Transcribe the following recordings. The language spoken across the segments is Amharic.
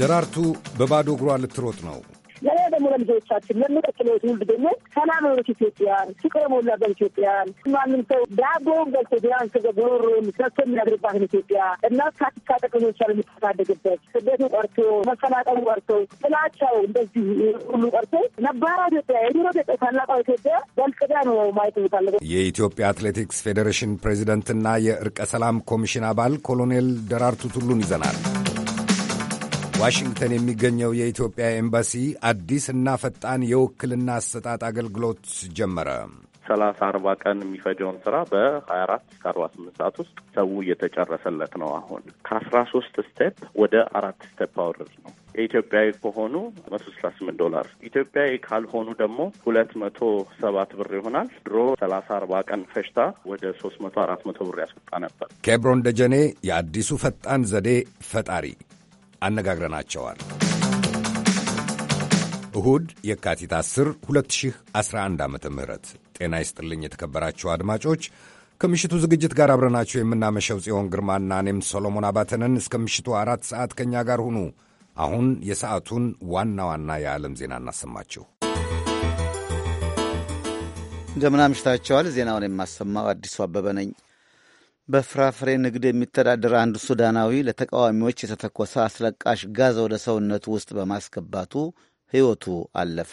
ደራርቱ በባዶ እግሯ ልትሮጥ ነው። ለሌላ ደግሞ ለልጆቻችን ለሚቀጥለው ትውልድ ደግሞ ሰላም የሆነች ኢትዮጵያን፣ ፍቅር የሞላ ኢትዮጵያን፣ ማንም ሰው ዳቦውን በልቶ ቢያንስ ጉሮሮ ሰሶ የሚያድርባትን ኢትዮጵያ እና ካቲካ ጠቅሞቻ የምታሳደግበት ስደቱ ቀርቶ መፈናቀሉ ቀርቶ ጥላቻው እንደዚህ ሁሉ ቀርቶ ነባራ ኢትዮጵያ የድሮ ኢትዮጵያ ታላቋ ኢትዮጵያ በልቅዳ ነው ማየት የሚፈልገው። የኢትዮጵያ አትሌቲክስ ፌዴሬሽን ፕሬዚደንትና የእርቀ ሰላም ኮሚሽን አባል ኮሎኔል ደራርቱ ቱሉን ይዘናል። ዋሽንግተን የሚገኘው የኢትዮጵያ ኤምባሲ አዲስ እና ፈጣን የውክልና አሰጣጥ አገልግሎት ጀመረ። ሰላሳ አርባ ቀን የሚፈጀውን ስራ በሀያ አራት እስከ አርባ ስምንት ሰዓት ውስጥ ሰው እየተጨረሰለት ነው። አሁን ከአስራ ሶስት ስቴፕ ወደ አራት ስቴፕ አውርድ ነው። የኢትዮጵያዊ ከሆኑ መቶ ስልሳ ስምንት ዶላር፣ ኢትዮጵያዊ ካልሆኑ ደግሞ ሁለት መቶ ሰባት ብር ይሆናል። ድሮ ሰላሳ አርባ ቀን ፈሽታ ወደ ሶስት መቶ አራት መቶ ብር ያስወጣ ነበር። ኬብሮን ደጀኔ የአዲሱ ፈጣን ዘዴ ፈጣሪ አነጋግረናቸዋል። እሁድ የካቲት 10 2011 ዓ ም ጤና ይስጥልኝ የተከበራችሁ አድማጮች ከምሽቱ ዝግጅት ጋር አብረናችሁ የምናመሸው ጽዮን ግርማና እኔም ሰሎሞን አባተንን እስከ ምሽቱ አራት ሰዓት ከእኛ ጋር ሁኑ። አሁን የሰዓቱን ዋና ዋና የዓለም ዜና እናሰማችሁ። እንደምን አምሽታችኋል። ዜናውን የማሰማው አዲሱ አበበ ነኝ። በፍራፍሬ ንግድ የሚተዳደር አንድ ሱዳናዊ ለተቃዋሚዎች የተተኮሰ አስለቃሽ ጋዝ ወደ ሰውነቱ ውስጥ በማስገባቱ ሕይወቱ አለፈ።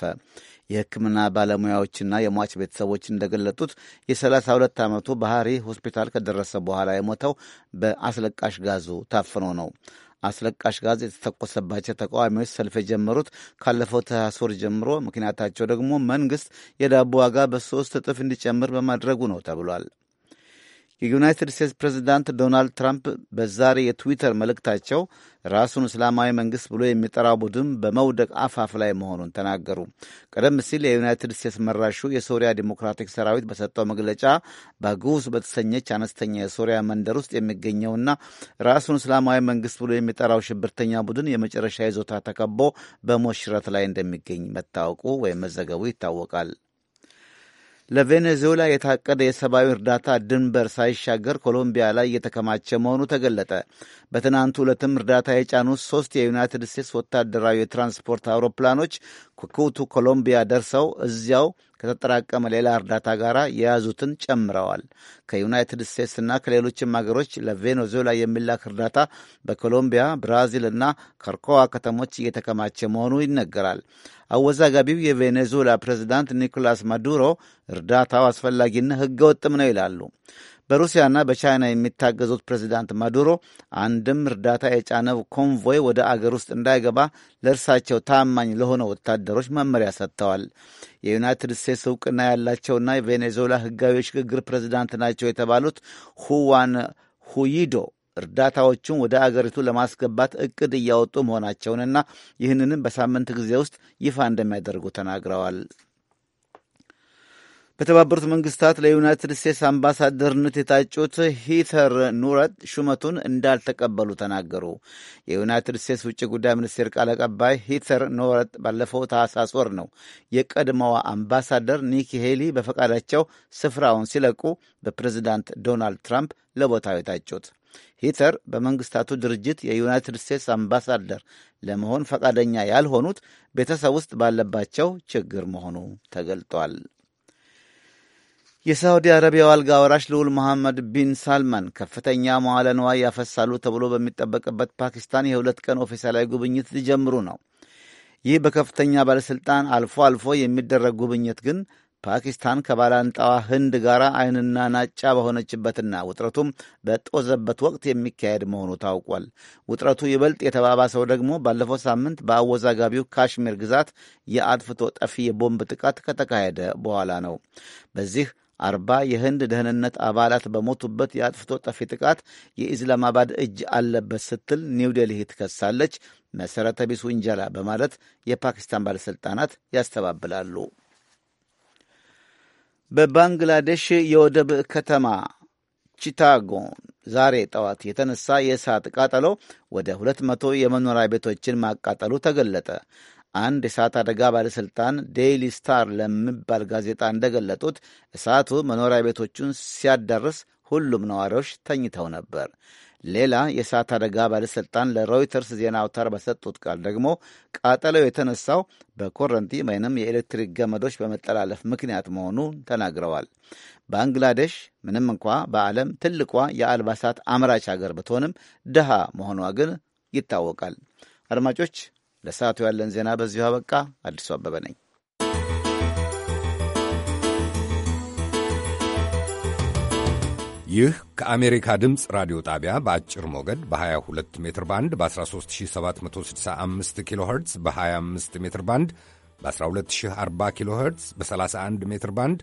የሕክምና ባለሙያዎችና የሟች ቤተሰቦች እንደገለጡት የ32 ዓመቱ ባህሪ ሆስፒታል ከደረሰ በኋላ የሞተው በአስለቃሽ ጋዙ ታፍኖ ነው። አስለቃሽ ጋዝ የተተኮሰባቸው ተቃዋሚዎች ሰልፍ የጀመሩት ካለፈው ታህሳስ ጀምሮ፣ ምክንያታቸው ደግሞ መንግሥት የዳቦ ዋጋ በሶስት እጥፍ እንዲጨምር በማድረጉ ነው ተብሏል። የዩናይትድ ስቴትስ ፕሬዚዳንት ዶናልድ ትራምፕ በዛሬ የትዊተር መልእክታቸው ራሱን እስላማዊ መንግሥት ብሎ የሚጠራው ቡድን በመውደቅ አፋፍ ላይ መሆኑን ተናገሩ። ቀደም ሲል የዩናይትድ ስቴትስ መራሹ የሶሪያ ዲሞክራቲክ ሰራዊት በሰጠው መግለጫ ባጉስ በተሰኘች አነስተኛ የሶሪያ መንደር ውስጥ የሚገኘውና ራሱን እስላማዊ መንግሥት ብሎ የሚጠራው ሽብርተኛ ቡድን የመጨረሻ ይዞታ ተከቦ በሞሽረት ላይ እንደሚገኝ መታወቁ ወይም መዘገቡ ይታወቃል። ለቬኔዙዌላ የታቀደ የሰብአዊ እርዳታ ድንበር ሳይሻገር ኮሎምቢያ ላይ እየተከማቸ መሆኑ ተገለጠ። በትናንቱ ዕለትም እርዳታ የጫኑ ሦስት የዩናይትድ ስቴትስ ወታደራዊ የትራንስፖርት አውሮፕላኖች ኩኩቱ ኮሎምቢያ ደርሰው እዚያው ከተጠራቀመ ሌላ እርዳታ ጋር የያዙትን ጨምረዋል። ከዩናይትድ ስቴትስና ከሌሎችም ሀገሮች ለቬኔዙዌላ የሚላክ እርዳታ በኮሎምቢያ፣ ብራዚል እና ከርኮዋ ከተሞች እየተከማቸ መሆኑ ይነገራል። አወዛጋቢው የቬኔዙዌላ ፕሬዚዳንት ኒኮላስ ማዱሮ እርዳታው አስፈላጊና ሕገወጥም ነው ይላሉ። በሩሲያና በቻይና የሚታገዙት ፕሬዚዳንት ማዱሮ አንድም እርዳታ የጫነው ኮንቮይ ወደ አገር ውስጥ እንዳይገባ ለእርሳቸው ታማኝ ለሆነ ወታደሮች መመሪያ ሰጥተዋል። የዩናይትድ ስቴትስ እውቅና ያላቸውና የቬኔዙዌላ ህጋዊ የሽግግር ፕሬዚዳንት ናቸው የተባሉት ሁዋን ሁይዶ እርዳታዎቹን ወደ አገሪቱ ለማስገባት እቅድ እያወጡ መሆናቸውንና ይህንንም በሳምንት ጊዜ ውስጥ ይፋ እንደሚያደርጉ ተናግረዋል። በተባበሩት መንግስታት ለዩናይትድ ስቴትስ አምባሳደርነት የታጩት ሂተር ኑረት ሹመቱን እንዳልተቀበሉ ተናገሩ። የዩናይትድ ስቴትስ ውጭ ጉዳይ ሚኒስቴር ቃል አቀባይ ሂተር ኑረት ባለፈው ታህሳስ ወር ነው የቀድሞዋ አምባሳደር ኒኪ ሄሊ በፈቃዳቸው ስፍራውን ሲለቁ በፕሬዚዳንት ዶናልድ ትራምፕ ለቦታው የታጩት። ሂተር በመንግስታቱ ድርጅት የዩናይትድ ስቴትስ አምባሳደር ለመሆን ፈቃደኛ ያልሆኑት ቤተሰብ ውስጥ ባለባቸው ችግር መሆኑ ተገልጧል። የሳዑዲ አረቢያው አልጋ ወራሽ ልዑል መሐመድ ቢን ሳልማን ከፍተኛ መዋለ ንዋይ ያፈሳሉ ተብሎ በሚጠበቅበት ፓኪስታን የሁለት ቀን ኦፊሳላዊ ጉብኝት ሊጀምሩ ነው። ይህ በከፍተኛ ባለሥልጣን አልፎ አልፎ የሚደረግ ጉብኝት ግን ፓኪስታን ከባላንጣዋ ህንድ ጋር አይንና ናጫ በሆነችበትና ውጥረቱም በጦዘበት ወቅት የሚካሄድ መሆኑ ታውቋል። ውጥረቱ ይበልጥ የተባባሰው ደግሞ ባለፈው ሳምንት በአወዛጋቢው ካሽሚር ግዛት የአጥፍቶ ጠፊ የቦምብ ጥቃት ከተካሄደ በኋላ ነው። በዚህ አርባ የህንድ ደህንነት አባላት በሞቱበት የአጥፍቶ ጠፊ ጥቃት የኢስላማባድ እጅ አለበት ስትል ዴልሂ ትከሳለች። መሠረተ ቢስ ውንጀላ በማለት የፓኪስታን ባለሥልጣናት ያስተባብላሉ። በባንግላዴሽ የወደብ ከተማ ቺታጎን ዛሬ ጠዋት የተነሳ የእሳት ቃጠሎ ወደ ሁለት መቶ የመኖሪያ ቤቶችን ማቃጠሉ ተገለጠ። አንድ የእሳት አደጋ ባለሥልጣን ዴይሊ ስታር ለሚባል ጋዜጣ እንደገለጡት እሳቱ መኖሪያ ቤቶቹን ሲያዳርስ ሁሉም ነዋሪዎች ተኝተው ነበር። ሌላ የእሳት አደጋ ባለሥልጣን ለሮይተርስ ዜና አውታር በሰጡት ቃል ደግሞ ቃጠለው የተነሳው በኮረንቲ ወይንም የኤሌክትሪክ ገመዶች በመጠላለፍ ምክንያት መሆኑን ተናግረዋል። ባንግላዴሽ ምንም እንኳ በዓለም ትልቋ የአልባሳት አምራች ሀገር ብትሆንም ድሃ መሆኗ ግን ይታወቃል። አድማጮች ለሰዓቱ ያለን ዜና በዚሁ አበቃ። አዲሱ አበበ ነኝ። ይህ ከአሜሪካ ድምፅ ራዲዮ ጣቢያ በአጭር ሞገድ በ22 ሜትር ባንድ በ13765 ኪሎ ኸርትዝ በ25 ሜትር ባንድ በ1240 ኪሎ ኸርትዝ በ31 ሜትር ባንድ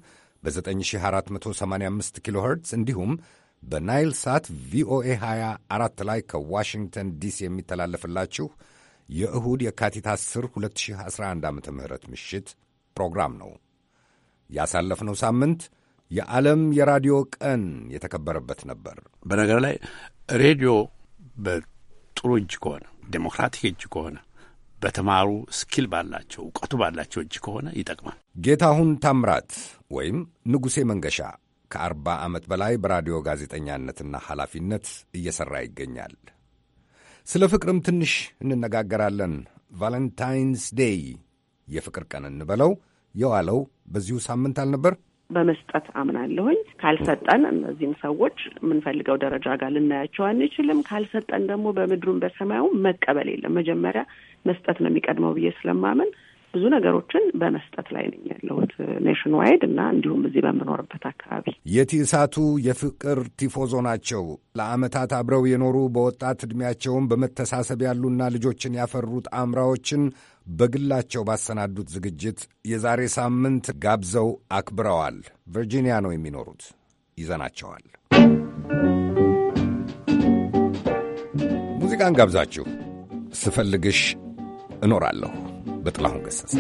በ9485 ኪሎ ኸርትዝ እንዲሁም በናይል ሳት ቪኦኤ 24 ላይ ከዋሽንግተን ዲሲ የሚተላለፍላችሁ የእሁድ የካቲት 10 2011 ዓ ም ምሽት ፕሮግራም ነው። ያሳለፍነው ሳምንት የዓለም የራዲዮ ቀን የተከበረበት ነበር። በነገር ላይ ሬዲዮ በጥሩ እጅ ከሆነ ዴሞክራቲክ እጅ ከሆነ በተማሩ ስኪል ባላቸው እውቀቱ ባላቸው እጅ ከሆነ ይጠቅማል። ጌታሁን ታምራት ወይም ንጉሴ መንገሻ ከአርባ ዓመት በላይ በራዲዮ ጋዜጠኛነትና ኃላፊነት እየሠራ ይገኛል። ስለ ፍቅርም ትንሽ እንነጋገራለን። ቫለንታይንስ ዴይ የፍቅር ቀን እንበለው የዋለው በዚሁ ሳምንት አልነበር? በመስጠት አምናለሁኝ። ካልሰጠን እነዚህም ሰዎች የምንፈልገው ደረጃ ጋር ልናያቸው አንችልም። ካልሰጠን ደግሞ በምድሩም በሰማዩም መቀበል የለም። መጀመሪያ መስጠት ነው የሚቀድመው ብዬ ስለማምን ብዙ ነገሮችን በመስጠት ላይ ነኝ ያለሁት ኔሽን ዋይድ እና እንዲሁም እዚህ በምኖርበት አካባቢ። የቲሳቱ የፍቅር ቲፎዞ ናቸው። ለአመታት አብረው የኖሩ በወጣት ዕድሜያቸውን በመተሳሰብ ያሉና ልጆችን ያፈሩት አምራዎችን በግላቸው ባሰናዱት ዝግጅት የዛሬ ሳምንት ጋብዘው አክብረዋል። ቨርጂኒያ ነው የሚኖሩት። ይዘናቸዋል። ሙዚቃን ጋብዛችሁ ስፈልግሽ እኖራለሁ በጥላሁን ገሰሰ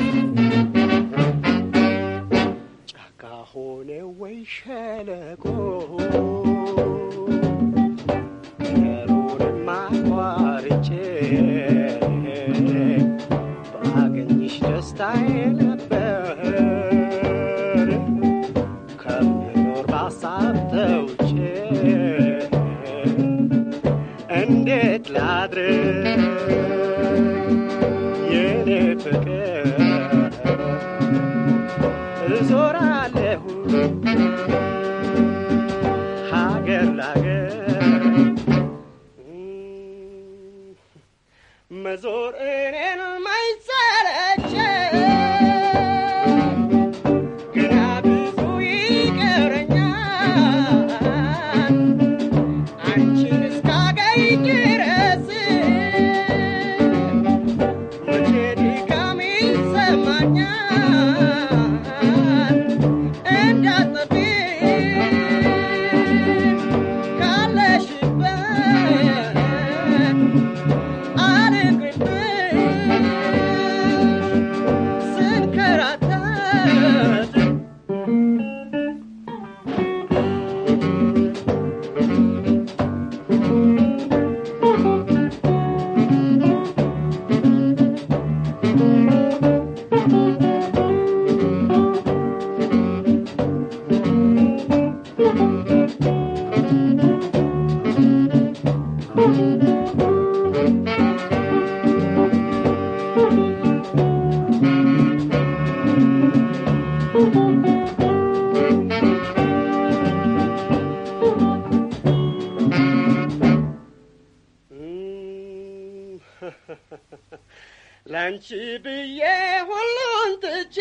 蓝旗的夜，我冷的街。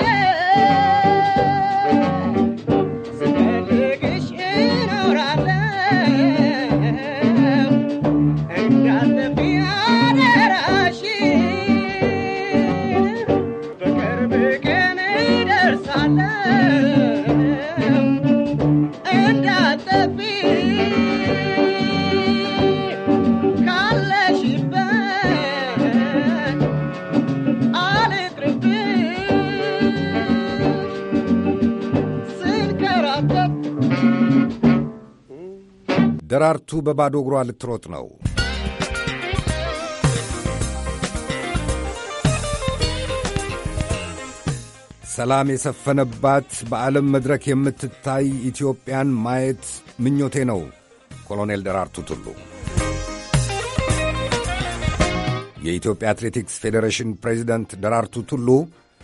ሁለቱ በባዶ እግሯ ልትሮጥ ነው። ሰላም የሰፈነባት በዓለም መድረክ የምትታይ ኢትዮጵያን ማየት ምኞቴ ነው። ኮሎኔል ደራርቱ ቱሉ የኢትዮጵያ አትሌቲክስ ፌዴሬሽን ፕሬዚደንት ደራርቱ ቱሉ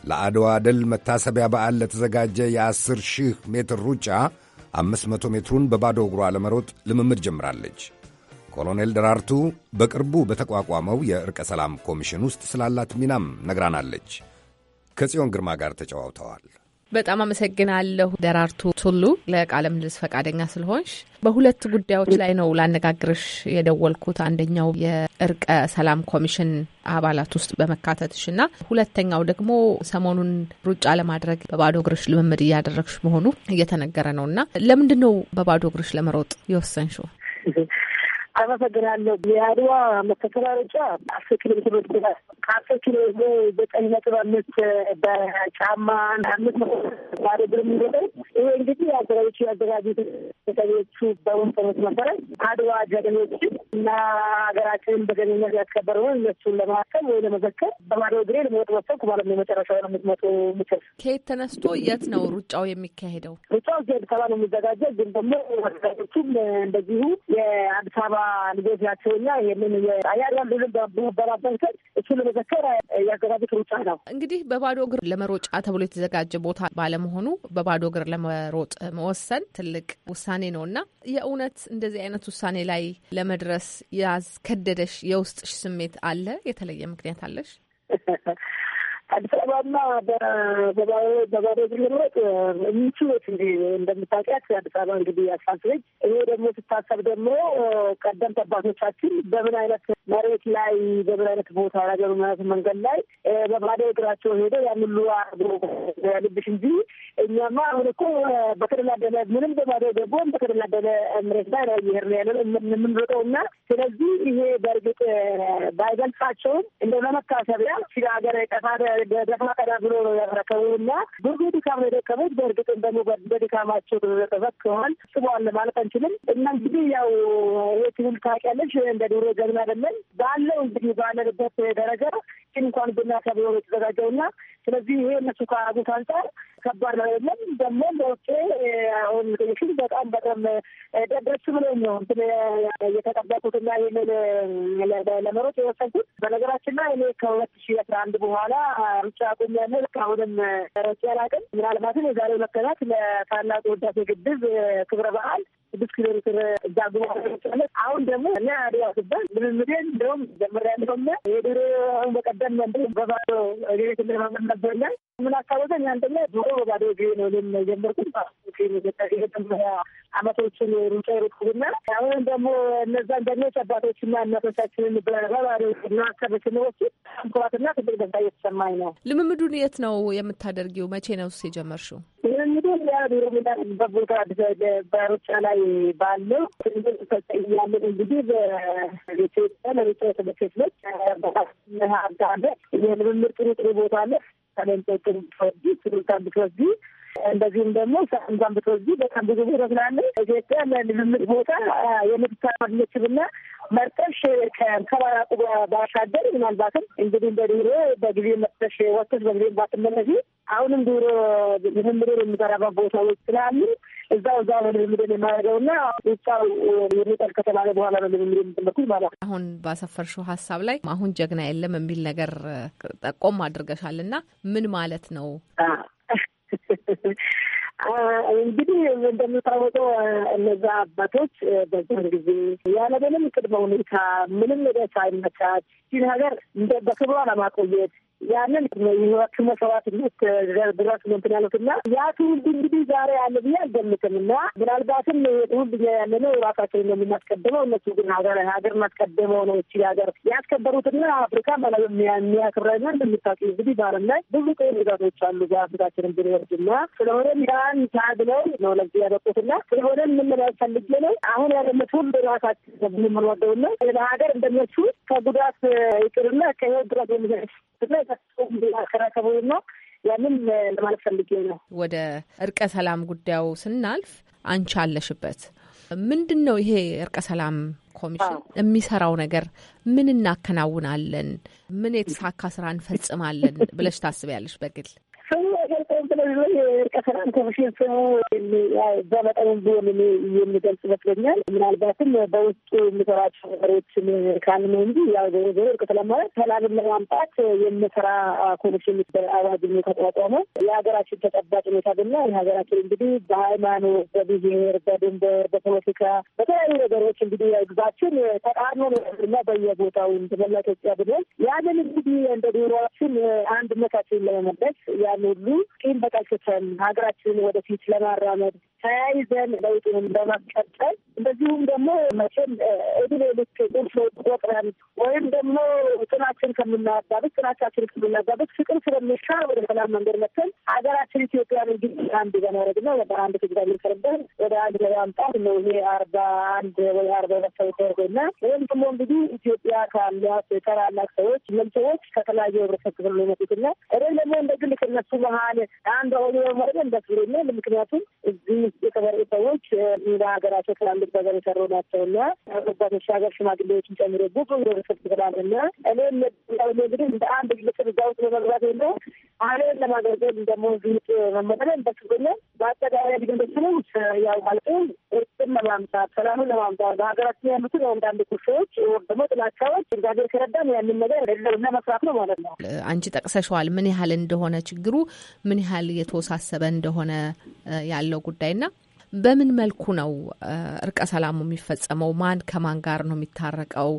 ለአድዋ ድል መታሰቢያ በዓል ለተዘጋጀ የአስር ሺህ ሜትር ሩጫ አምስት ሜትሩን በባዶ እግሯ ለመሮጥ ልምምድ ጀምራለች። ኮሎኔል ደራርቱ በቅርቡ በተቋቋመው የእርቀ ሰላም ኮሚሽን ውስጥ ስላላት ሚናም ነግራናለች። ከጽዮን ግርማ ጋር ተጨዋውተዋል። በጣም አመሰግናለሁ ደራርቱ ቱሉ ለቃለ ምልልስ ፈቃደኛ ስለሆንሽ። በሁለት ጉዳዮች ላይ ነው ላነጋግርሽ የደወልኩት። አንደኛው የእርቀ ሰላም ኮሚሽን አባላት ውስጥ በመካተትሽ እና ሁለተኛው ደግሞ ሰሞኑን ሩጫ ለማድረግ በባዶ እግርሽ ልምምድ እያደረግሽ መሆኑ እየተነገረ ነው እና ለምንድን ነው በባዶ እግርሽ ለመሮጥ የወሰንሽው? አመሰግናለሁ። የአድዋ መከተማ አስር ኪሎ ሜትር ሮጥ ከአስር ኪሎ ሜትር ዘጠኝ ነጥብ አምስት በጫማ አምስት ባዶ እግር የሚሮጠው ይሄ እንግዲህ አዘጋጆቹ ያዘጋጁት ተጠሪዎቹ በወንሰኖች መሰረት አድዋ ጀግኖችን እና ሀገራችንን በገኝነት በጀግንነት ነው። እነሱን ለማሰብ ወይ ለመዘከር በባዶ እግሬ ለመወጥ ወሰንኩ ማለት ነው። የመጨረሻ ነው መቶ ምችል ከየት ተነስቶ የት ነው ሩጫው የሚካሄደው? ሩጫው እዚህ አዲስ አበባ ነው የሚዘጋጀው። ግን ደግሞ አዘጋጆቹም እንደዚሁ የአዲስ አበባ ልጆች ናቸው እና ይህንን የጣሊያን ልዝም በመበራበት እሱ ለመዘከር ያዘጋጁት ሩጫ ነው። እንግዲህ በባዶ እግር ለመሮጫ ተብሎ የተዘጋጀ ቦታ ባለመሆኑ በባዶ እግር ለመሮጥ መወሰን ትልቅ ውሳኔ ነው እና የእውነት እንደዚህ አይነት ውሳኔ ላይ ለመድረስ ያስከደደሽ የውስጥሽ ስሜት አለ? የተለየ ምክንያት አለሽ? አዲስ አበባና በባዶ እግር መሮጥ ምቹዎች እንዲ እንደምታውቂያት አዲስ አበባ እንግዲህ አሳስበች። ይሄ ደግሞ ስታሰብ ደግሞ ቀደምት አባቶቻችን በምን አይነት መሬት ላይ በምን አይነት ቦታ ላይ በምን መንገድ ላይ በባዶ እግራቸው ሄደው ያን ሁሉ ልብሽ እንጂ እኛማ አሁን እኮ በተደላደለ ምንም በባዶ ደግሞ በተደላደለ መሬት ላይ ነው እየሄድን ያለ የምንሮጠው እና ስለዚህ ይሄ በእርግጥ ባይገልጻቸውም እንደ መታሰቢያ ሲለ ሀገር የጠፋ ደፋ ቀዳ ብሎ ነው እና ብዙ ድካም ነው የደከመች። በእርግጥም ደግሞ በድካማቸው ተዘክተዋል ጽበዋል ማለት አንችልም። እና እንግዲህ ያው ይህ ትውልድ ታውቂያለሽ፣ እንደ ድሮ ገዝን አይደለም ባለው እንግዲህ ባለንበት ደረጃ ግን እንኳን ቡና ተብሎ የተዘጋጀው እና ስለዚህ ይሄ እነሱ ከያዙት አንጻር ከባድ ነው። የለም ደግሞ በውጭ አሁን ሽል በጣም በጣም ደስ ብሎኝ ነው የተጠበቁት እና ይህንን ለመሮጥ የወሰንኩት። በነገራችን ላይ እኔ ከሁለት ሺ አስራ አንድ በኋላ ሩጫ አቁሜያለሁ። አሁንም ሮጬ አላውቅም። ምናልባትም የዛሬ መከናት ለታላቁ ህዳሴ ግድብ ክብረ በዓል ስድስት ኪሎ ሜትር እዛ ጉባ ጫለት አሁን ደግሞ እና አድዋ ስባል ልምምዴን እንደውም ጀመሪያ እንደውም የድሮ አሁን በቀደም እንደ በባዶ ቤት እንደማመን ነበርና ምን አካባተኝ አንደኛ ድሮ በባዶ ጊዜ ነው ልም ጀመርኩ አመቶችን ሩጫ ሩጥኩና አሁን ደግሞ እነዛ ደኖች አባቶችና እናቶቻችንን በባዶ ማሰብ ስንወስድ ኩራትና ትልቅ ደስታ እየተሰማኝ ነው። ልምምዱን የት ነው የምታደርጊው? መቼ ነው ነውስ የጀመርሽው? ልምምዱን ያ ዶሮ ሚዳ በቦታ በሩጫ ላይ ባለው ትምህርት ተጠያለን እንግዲህ በኢትዮጵያ ለብቻ የተመሰለች አዳለ የልምምር ጥሩ ጥሩ ቦታ አለ። ከለንጦቅ ብትወስጂ፣ ስሉልታን ብትወዲ እንደዚሁም ደግሞ ሳንዛን ብትወስጂ በጣም ብዙ ቦታ ስላለ ኢትዮጵያ ለልምምድ ቦታ የምትታማለችም እና መርጠሽ ከባራቁ ባሻገር ምናልባትም እንግዲህ እንደ ድሮ በጊዜ መጥተሽ ወጥተሽ በጊዜ ባትመለሺ አሁንም ድሮ ምድር የሚሰራበት ቦታዎች ስላሉ እዛው እዛ ልምምድን የማደርገው ና ውጫው የሚጠል ከተባለ በኋላ ነው ልምምድ የምትመኩት ማለት ነው። አሁን ባሰፈርሽው ሀሳብ ላይ አሁን ጀግና የለም የሚል ነገር ጠቆም አድርገሻል ና ምን ማለት ነው? እንግዲህ እንደምታወቀው እነዛ አባቶች በዛን ጊዜ ያለ ምንም ቅድመ ሁኔታ ምንም ነገር ሳይመቻት ይህ ሀገር በክብሯ ለማቆየት ያንን ህይወቱ መስዋዕትነት ድረስ እንትን ያሉት እና ያ ትውልድ እንግዲህ ዛሬ ያለ ብዬ አልገምትም እና ምናልባትም ትውልድ እኛ ያለ ነው ራሳችንን ነው የምናስቀድመው። እነሱ ግን ሀገር ሀገር ማስቀድመው ነው እቺ ሀገር ያስከበሩትና አፍሪካ የሚያከብረና እንደምታውቂ እንግዲህ በዓለም ላይ ብዙ ቀይ ግዛቶች አሉ በአፍሪካችንን ብንወርድ እና ስለሆነም ያን ታግለው ነው ለዚህ ያበቁትና ስለሆነም የምንለው ፈልጌ ነው አሁን ያለነ ትውልድ ራሳችን ነው ሌላ ሀገር እንደነሱ ከጉዳት ይቅርና ከህይወት ድረስ የሚ እና የታሰቡ አከራከበው ና ያንን ለማለት ፈልጌ ነው። ወደ እርቀ ሰላም ጉዳዩ ስናልፍ አንቺ አለሽበት ምንድን ነው ይሄ እርቀ ሰላም ኮሚሽን የሚሰራው ነገር ምን እናከናውናለን፣ ምን የተሳካ ስራ እንፈጽማለን ብለሽ ታስቢያለሽ በግል? ስለዚህ ላይ የእርቀ ሰላም ኮሚሽን ስሙ በመጠኑም ቢሆን የሚገልጽ ይመስለኛል። ምናልባትም በውስጡ የሚሰራቸው ነገሮች ካል ነው እንጂ ያው ዞሮ ዞሮ እርቀ ሰላም ማለት ሰላምን ለማምጣት የሚሰራ ኮሚሽን በአዋጅ የተቋቋመ የሀገራችን ተጨባጭ ሁኔታ ብና የሀገራችን እንግዲህ በሃይማኖት፣ በብሄር፣ በድንበር፣ በፖለቲካ በተለያዩ ነገሮች እንግዲህ ግዛችን ተቃርኖ እና በየቦታው በመላ ኢትዮጵያ ብለን ያንን እንግዲህ እንደ ዶሮችን አንድነታችን ለመመለስ ያን ሁሉ ቂም ማንቀሳቀስን ሀገራችንን ወደፊት ለማራመድ ተያይዘን ለውጡን በማስቀጠል እንደዚሁም ደግሞ መቼም እድሜ ልክ ቁርስ ቆጥረን ወይም ደግሞ ጥናችን ከምናያባበት ጥናቻችን ከምናያባበት ፍቅር ስለሚሻ ወደ ሰላም መንገድ መተን ሀገራችን ኢትዮጵያን እንግዲህ አንድ በማድረግ ነው በአንድ ትግዳ የሚቀርበት ወደ አንድ ለማምጣት ነው። ይሄ አርባ አንድ ወይ አርባ ሁለት ሰው ና ወይም ደግሞ እንግዲህ ኢትዮጵያ ካሏት ከላላት ሰዎች ለም ሰዎች ከተለያዩ ህብረተሰብ ክፍል የሚመጡትና እኔም ደግሞ እንደ ግል ከነሱ መሀል አንድ ሆኖ በማድረግ እንደስ ብሎኛል። ምክንያቱም እዚህ የተመረጡ ሰዎች በሀገራቸው ትላልቅ ነገር የሰሩ ናቸው እና አባቶች ሀገር ሽማግሌዎችን ጨምሮ ብዙ ህብረተሰብ ትላል እና እኔ እንግዲህ እንደ አንድ ግልጽ እዛ ውስጥ በመግባት የለ አለን ለማገልገል ደግሞ ግልጽ መመጠለን በስብኛል በአጠቃላይ ግን ግንበችንም ያው ማለት እርጥን ለማምጣት ሰላሙን ለማምጣት በሀገራችን ያሉትን አንዳንድ ኩሾዎች ደግሞ ጥላቻዎች እግዚአብሔር ከረዳም ያንን ነገር ለለው እና መስራት ነው ማለት ነው። አንቺ ጠቅሰሸዋል ምን ያህል እንደሆነ ችግሩ ምን ያህል የተወሳሰበ እንደሆነ ያለው ጉዳይ እና በምን መልኩ ነው እርቀ ሰላሙ የሚፈጸመው? ማን ከማን ጋር ነው የሚታረቀው?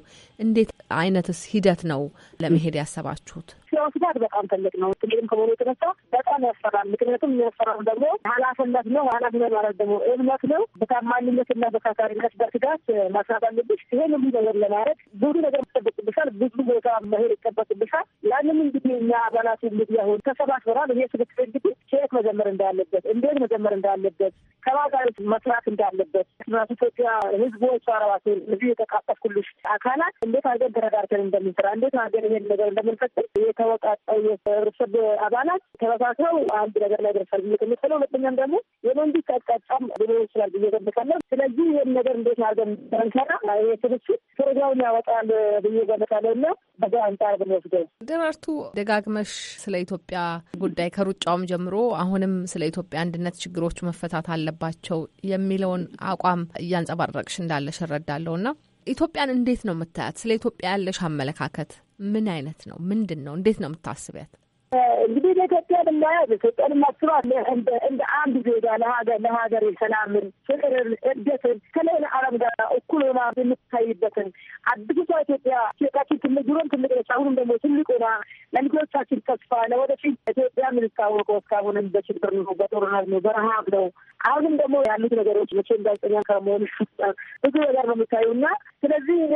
እንዴት አይነትስ ሂደት ነው ለመሄድ ያሰባችሁት? የኢትዮጵያ ስጋት በጣም ትልቅ ነው። ትልቅም ከመሆኑ የተነሳ በጣም ያስፈራል። ምክንያቱም የሚያስፈራው ደግሞ ኃላፊነት ነው። ኃላፊነት ማለት ደግሞ እምነት ነው። በታማኝነት በታማኝነትና በታታሪነት በትጋት መስራት አለብሽ። ይሄን ሁሉ ነገር ለማድረግ ብዙ ነገር ይጠበቅብሻል። ብዙ ቦታ መሄድ ይጠበቅብሻል። ያንም እንግዲህ እኛ አባላት እንግዲህ አሁን ተሰባስበናል። ይሄ ስብስብ እንግዲህ ሴት መጀመር እንዳለበት እንዴት መጀመር እንዳለበት ከባጋሪት መስራት እንዳለበት ምክንያቱ ኢትዮጵያ ህዝቦች አረባሴ እዚህ የተቃጠፍኩልሽ አካላት እንዴት ሀገር ተረዳርተን እንደምንሰራ እንዴት ሀገር ይሄን ነገር እንደምንፈጥር የተወቃቀው የርስብ አባላት ተመሳስረው አንድ ነገር ላይ ደርሳል ብዬ ከምጥለው፣ ሁለተኛም ደግሞ የመንግስት አቅጣጫም ሊኖር ይችላል ብዬ ገምታለሁ። ስለዚህ ይህን ነገር እንዴት አድርገን እንሰራ ይህ ስብስብ ፕሮግራም ያወጣል ብዬ ገምታለሁ እና በዛ አንጻር ብንወስደው ደራርቱ ደጋግመሽ ስለ ኢትዮጵያ ጉዳይ ከሩጫውም ጀምሮ አሁንም ስለ ኢትዮጵያ አንድነት ችግሮች መፈታት አለባቸው የሚለውን አቋም እያንጸባረቅሽ እንዳለሽ እረዳለሁ እና ኢትዮጵያን እንዴት ነው የምታያት? ስለ ኢትዮጵያ ያለሽ አመለካከት ምን አይነት ነው? ምንድን ነው? እንዴት ነው የምታስቢያት? እንግዲህ ለኢትዮጵያ ብናያት ኢትዮጵያ ልናስባት እንደ አንድ ዜጋ ለሀገር ለሀገር ሰላምን፣ ፍቅርን፣ እድገትን ከሌላ ዓለም ጋር እኩል ሆና የምታይበትን አድግቷ ኢትዮጵያ ኢትዮጵያችን ትልቅ ድሮም ትልቅ ነች፣ አሁንም ደግሞ ትልቅ ሆና ለልጆቻችን ተስፋ ለወደፊት ኢትዮጵያ የምንታወቀው እስካሁንም በችግር ነው፣ በጦርነት ነው፣ በረሃብ ነው፣ አሁንም ደግሞ ያሉት ነገሮች መቼ ጋዜጠኛ ከመሆን ሹጣ ብዙ ነገር ነው የምታዩ እና ስለዚህ እኔ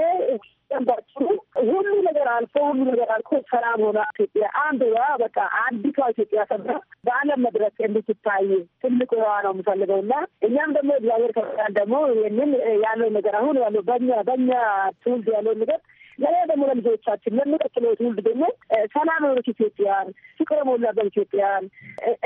ጠንባችሁ ሁሉ ነገር አልፎ ሁሉ ነገር አልፎ ሰላም ሆነ ኢትዮጵያ አንድ በቃ አዲቷ ኢትዮጵያ ሰብራ በዓለም መድረክ እንድትታይ ትልቁ ዋ ነው የምፈልገው እና እኛም ደግሞ እግዚአብሔር ከፍራን ደግሞ ይህንን ያለው ነገር አሁን ያለው በኛ በኛ ትውልድ ያለው ነገር ገበያ ደግሞ ለልጆቻችን ለሚቀጥለው ትውልድ ደግሞ ሰላም የሆነች ኢትዮጵያን፣ ፍቅር የሞላበት ኢትዮጵያን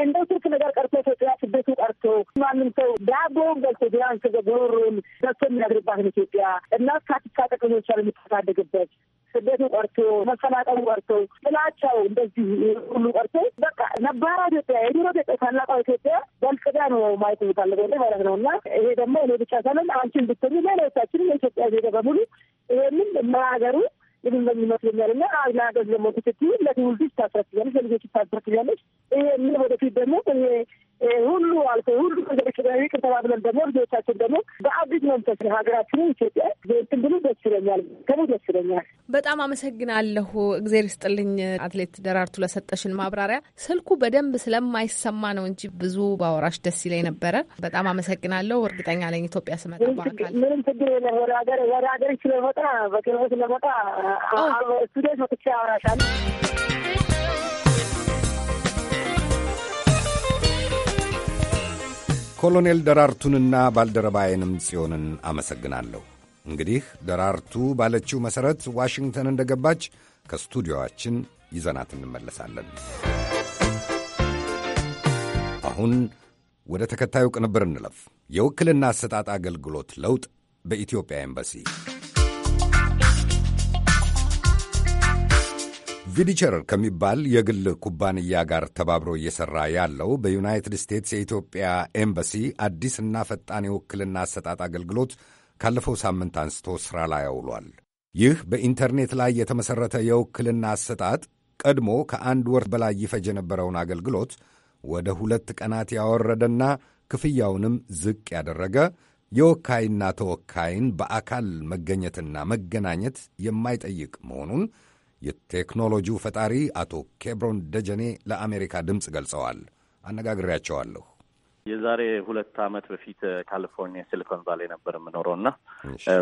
እንደ ትርክ ነገር ቀርቶ ኢትዮጵያ ስደቱ ቀርቶ ማንም ሰው ዳቦውን ገልቶ ቢያንስ ጎሮሮን ሰቶ የሚያድርባትን ኢትዮጵያ እና ካትታ ጠቅሎቻ የምታሳደግበት ስደቱ ቀርቶ መፈናቀሉ ቀርቶ ጥላቻው እንደዚህ ሁሉ ቀርቶ በቃ ነባራ ኢትዮጵያ የድሮ ኢትዮጵያ ታላቋ ኢትዮጵያ በልጽጋ ነው ማየት የሚፈልገው ማለት ነው። እና ይሄ ደግሞ እኔ ብቻ ሳለን አንቺን ብትሉ ሌሎቻችንም የኢትዮጵያ ዜጋ በሙሉ ይህንም ለሀገሩ የሌለም ይመስለኛል እና ለሀገር ለሞት ትክክል ለትውልድ ታስረክያለች፣ ለልጆች ታስረክያለች። ይሄ ምን ወደፊት ደግሞ ይሄ ሁሉ አልፎ ሁሉ ነገር ኢኮኖሚ ከተባብለን ደግሞ ልጆቻችን ደግሞ በአዲስ መንፈስ ነው ሀገራችንን ኢትዮጵያ ዜትን ብሎ ደስ ይለኛል። ከሞ ደስ ይለኛል። በጣም አመሰግናለሁ። እግዜር ይስጥልኝ አትሌት ደራርቱ ለሰጠሽን ማብራሪያ። ስልኩ በደንብ ስለማይሰማ ነው እንጂ ብዙ ባወራሽ ደስ ይለኝ ነበረ። በጣም አመሰግናለሁ። እርግጠኛ ነኝ ኢትዮጵያ ስመጣ ምንም ችግር የለም። ወደ ሀገር ወደ ሀገር ስለመጣ በቅርበት ለመጣ ስቱዲዮ መጥቼ አወራሻለሁ። ኮሎኔል ደራርቱንና ባልደረባዬንም ጽዮንን አመሰግናለሁ። እንግዲህ ደራርቱ ባለችው መሠረት ዋሽንግተን እንደገባች ከስቱዲዮአችን ይዘናት እንመለሳለን። አሁን ወደ ተከታዩ ቅንብር እንለፍ። የውክልና አሰጣጥ አገልግሎት ለውጥ በኢትዮጵያ ኤምባሲ ቪዲቸር ከሚባል የግል ኩባንያ ጋር ተባብሮ እየሰራ ያለው በዩናይትድ ስቴትስ የኢትዮጵያ ኤምባሲ አዲስና ፈጣን የውክልና አሰጣጥ አገልግሎት ካለፈው ሳምንት አንስቶ ሥራ ላይ አውሏል። ይህ በኢንተርኔት ላይ የተመሠረተ የውክልና አሰጣጥ ቀድሞ ከአንድ ወር በላይ ይፈጅ የነበረውን አገልግሎት ወደ ሁለት ቀናት ያወረደና ክፍያውንም ዝቅ ያደረገ የወካይና ተወካይን በአካል መገኘትና መገናኘት የማይጠይቅ መሆኑን የቴክኖሎጂው ፈጣሪ አቶ ኬብሮን ደጀኔ ለአሜሪካ ድምፅ ገልጸዋል። አነጋግሬያቸዋለሁ። የዛሬ ሁለት ዓመት በፊት ካሊፎርኒያ ሲሊኮን ቫሌ ነበር የምኖረው እና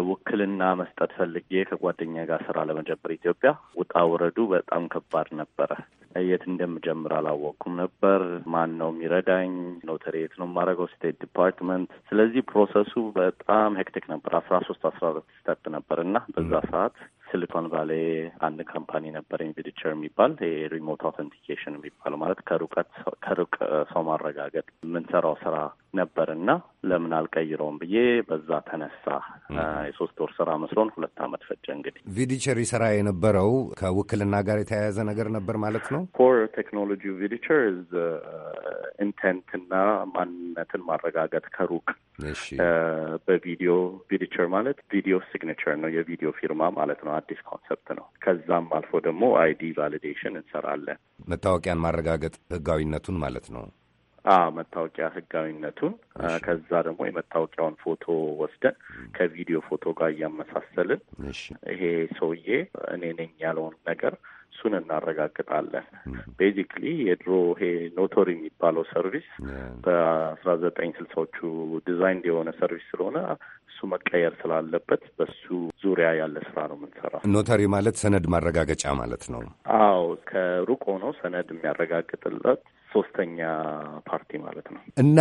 ውክልና መስጠት ፈልጌ ከጓደኛ ጋር ስራ ለመጀመር ኢትዮጵያ ውጣ ውረዱ በጣም ከባድ ነበረ። የት እንደምጀምር አላወቅኩም ነበር። ማን ነው የሚረዳኝ? ኖተሪ የት ነው የማደርገው? ስቴት ዲፓርትመንት። ስለዚህ ፕሮሰሱ በጣም ሄክቲክ ነበር። አስራ ሶስት አስራ አራት ስተፕ ነበር እና በዛ ሰዓት ሲሊኮን ቫሌ አንድ ካምፓኒ ነበር ቪዲቸር የሚባል ሪሞት አውተንቲኬሽን የሚባለ ማለት ከሩቀት ከሩቅ ሰው ማረጋገጥ የምንሰራው ስራ ነበር እና ለምን አልቀይረውም ብዬ በዛ ተነሳ። የሶስት ወር ስራ መስሎን ሁለት አመት ፈጀ። እንግዲህ ቪዲቸር ይሰራ የነበረው ከውክልና ጋር የተያያዘ ነገር ነበር ማለት ነው። ኮር ቴክኖሎጂ ቪዲቸር ኢንቴንትና ማንነትን ማረጋገጥ ከሩቅ በቪዲዮ ቪዲቸር ማለት ቪዲዮ ሲግኔቸር ነው የቪዲዮ ፊርማ ማለት ነው። አዲስ ኮንሰፕት ነው። ከዛም አልፎ ደግሞ አይዲ ቫሊዴሽን እንሰራለን። መታወቂያን ማረጋገጥ ህጋዊነቱን ማለት ነው። አዎ መታወቂያ ህጋዊነቱን ከዛ ደግሞ የመታወቂያውን ፎቶ ወስደን ከቪዲዮ ፎቶ ጋር እያመሳሰልን ይሄ ሰውዬ እኔ ነኝ ያለውን ነገር እሱን እናረጋግጣለን። ቤዚክሊ የድሮ ይሄ ኖቶሪ የሚባለው ሰርቪስ በአስራ ዘጠኝ ስልሳዎቹ ዲዛይን የሆነ ሰርቪስ ስለሆነ እሱ መቀየር ስላለበት በሱ ዙሪያ ያለ ስራ ነው የምንሰራው። ኖተሪ ማለት ሰነድ ማረጋገጫ ማለት ነው። አዎ፣ ከሩቅ ሆኖ ሰነድ የሚያረጋግጥለት ሶስተኛ ፓርቲ ማለት ነው። እና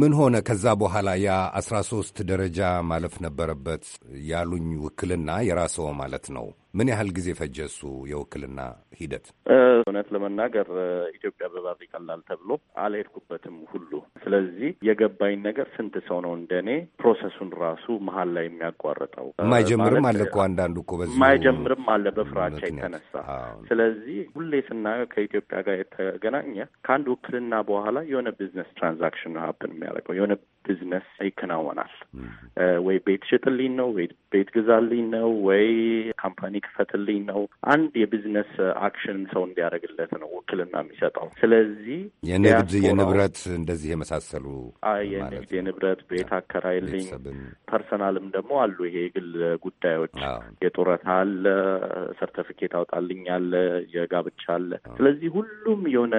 ምን ሆነ ከዛ በኋላ ያ አስራ ሶስት ደረጃ ማለፍ ነበረበት ያሉኝ ውክልና የራስዎ ማለት ነው። ምን ያህል ጊዜ ፈጀ እሱ የውክልና ሂደት? እውነት ለመናገር ኢትዮጵያ በባብ ቀላል ተብሎ አልሄድኩበትም ሁሉ። ስለዚህ የገባኝ ነገር ስንት ሰው ነው እንደኔ ፕሮሰሱን ራሱ መሀል ላይ የሚያቋርጠው? ማይጀምርም አለ እኮ አንዳንዱ እኮ በዚህ ማይጀምርም አለ በፍራቻ የተነሳ። ስለዚህ ሁሌ ስናየው ከኢትዮጵያ ጋር የተገናኘ ከአንድ ውክልና በኋላ የሆነ ቢዝነስ ትራንዛክሽን ሀብን የሚያደርገው የሆነ ቢዝነስ ይከናወናል። ወይ ቤት ሽጥልኝ ነው ወይ ቤት ግዛልኝ ነው ወይ ካምፓኒ ይክፈትልኝ ነው። አንድ የቢዝነስ አክሽን ሰው እንዲያደርግለት ነው ውክልና የሚሰጠው። ስለዚህ የንግድ የንብረት እንደዚህ የመሳሰሉ የንግድ የንብረት ቤት አከራይልኝ፣ ፐርሰናልም ደግሞ አሉ። ይሄ የግል ጉዳዮች የጡረታ አለ፣ ሰርተፊኬት አውጣልኝ አለ፣ የጋብቻ አለ። ስለዚህ ሁሉም የሆነ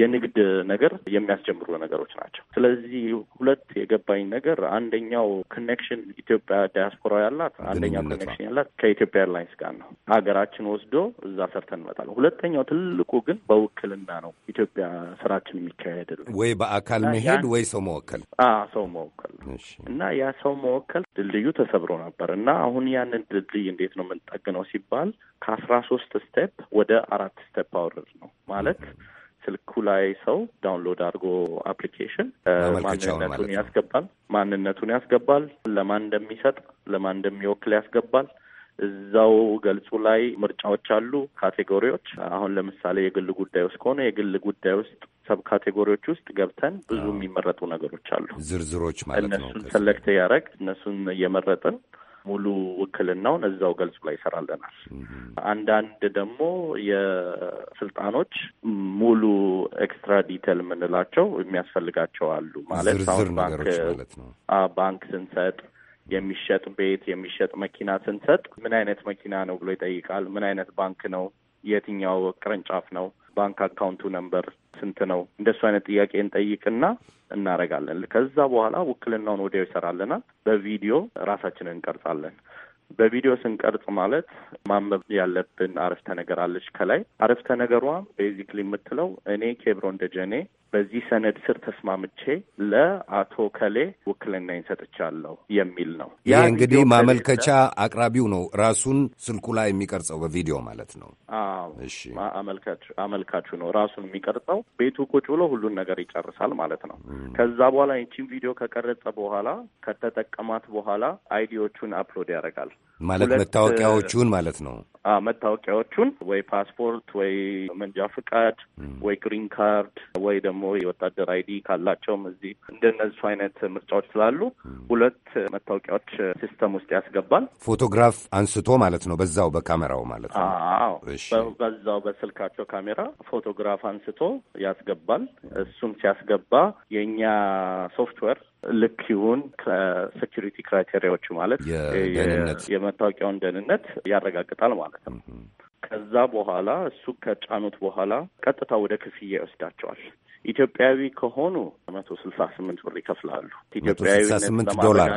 የንግድ ነገር የሚያስጀምሩ ነገሮች ናቸው። ስለዚህ ሁለት የገባኝ ነገር አንደኛው ኮኔክሽን ኢትዮጵያ ዲያስፖራ ያላት አንደኛው ኮኔክሽን ያላት ከኢትዮጵያ ኤርላይንስ ጋር ነው። ነው ሀገራችን ወስዶ እዛ ሰርተን እንመጣለን። ሁለተኛው ትልቁ ግን በውክልና ነው ኢትዮጵያ ስራችን የሚካሄድልን ወይ በአካል መሄድ ወይ ሰው መወከል ሰው መወከል እና ያ ሰው መወከል ድልድዩ ተሰብሮ ነበር እና አሁን ያንን ድልድይ እንዴት ነው የምንጠግነው ሲባል ከአስራ ሶስት ስቴፕ ወደ አራት ስቴፕ አውርድ ነው ማለት ስልኩ ላይ ሰው ዳውንሎድ አድርጎ አፕሊኬሽን ማንነቱን ያስገባል። ማንነቱን ያስገባል። ለማን እንደሚሰጥ ለማን እንደሚወክል ያስገባል። እዛው ገልጹ ላይ ምርጫዎች አሉ፣ ካቴጎሪዎች። አሁን ለምሳሌ የግል ጉዳይ ውስጥ ከሆነ የግል ጉዳይ ውስጥ ሰብ ካቴጎሪዎች ውስጥ ገብተን ብዙ የሚመረጡ ነገሮች አሉ፣ ዝርዝሮች ማለት ነው። እነሱን ሰለክት ያደረግ እነሱን እየመረጥን ሙሉ ውክልናውን እዛው ገልጹ ላይ ይሰራልናል። አንዳንድ ደግሞ የስልጣኖች ሙሉ ኤክስትራ ዲቴል የምንላቸው የሚያስፈልጋቸው አሉ ማለት አሁን ባንክ ባንክ ስንሰጥ የሚሸጥ ቤት የሚሸጥ መኪና ስንሰጥ ምን አይነት መኪና ነው ብሎ ይጠይቃል። ምን አይነት ባንክ ነው፣ የትኛው ቅርንጫፍ ነው፣ ባንክ አካውንቱ ነምበር ስንት ነው? እንደሱ አይነት ጥያቄ እንጠይቅና እናደርጋለን። ከዛ በኋላ ውክልናውን ወዲያው ይሰራልናል። በቪዲዮ ራሳችንን እንቀርጻለን። በቪዲዮ ስንቀርጽ ማለት ማንበብ ያለብን አረፍተ ነገር አለች። ከላይ አረፍተ ነገሯ ቤዚክሊ የምትለው እኔ ኬብሮን ደጀኔ በዚህ ሰነድ ስር ተስማምቼ ለአቶ ከሌ ውክልና ሰጥቻለሁ የሚል ነው። ይህ እንግዲህ ማመልከቻ አቅራቢው ነው ራሱን ስልኩ ላይ የሚቀርጸው በቪዲዮ ማለት ነው። እሺ አመልካቹ ነው ራሱን የሚቀርጸው። ቤቱ ቁጭ ብሎ ሁሉን ነገር ይጨርሳል ማለት ነው። ከዛ በኋላ ይቺን ቪዲዮ ከቀረጸ በኋላ ከተጠቀማት በኋላ አይዲዎቹን አፕሎድ ያደርጋል። ማለት መታወቂያዎቹን ማለት ነው። መታወቂያዎቹን ወይ ፓስፖርት ወይ መንጃ ፍቃድ ወይ ግሪን ካርድ ወይ ደግሞ የወታደር አይዲ ካላቸውም እዚህ እንደነሱ አይነት ምርጫዎች ስላሉ ሁለት መታወቂያዎች ሲስተም ውስጥ ያስገባል። ፎቶግራፍ አንስቶ ማለት ነው፣ በዛው በካሜራው ማለት ነው። አዎ፣ በዛው በስልካቸው ካሜራ ፎቶግራፍ አንስቶ ያስገባል። እሱም ሲያስገባ የእኛ ሶፍትዌር ልክ ይሁን ከሴኪሪቲ ክራይቴሪያዎቹ ማለት የመታወቂያውን ደህንነት ያረጋግጣል ማለት ነው። ከዛ በኋላ እሱ ከጫኑት በኋላ ቀጥታ ወደ ክፍያ ይወስዳቸዋል። ኢትዮጵያዊ ከሆኑ መቶ ስልሳ ስምንት ብር ይከፍላሉ። ስምንት ዶላር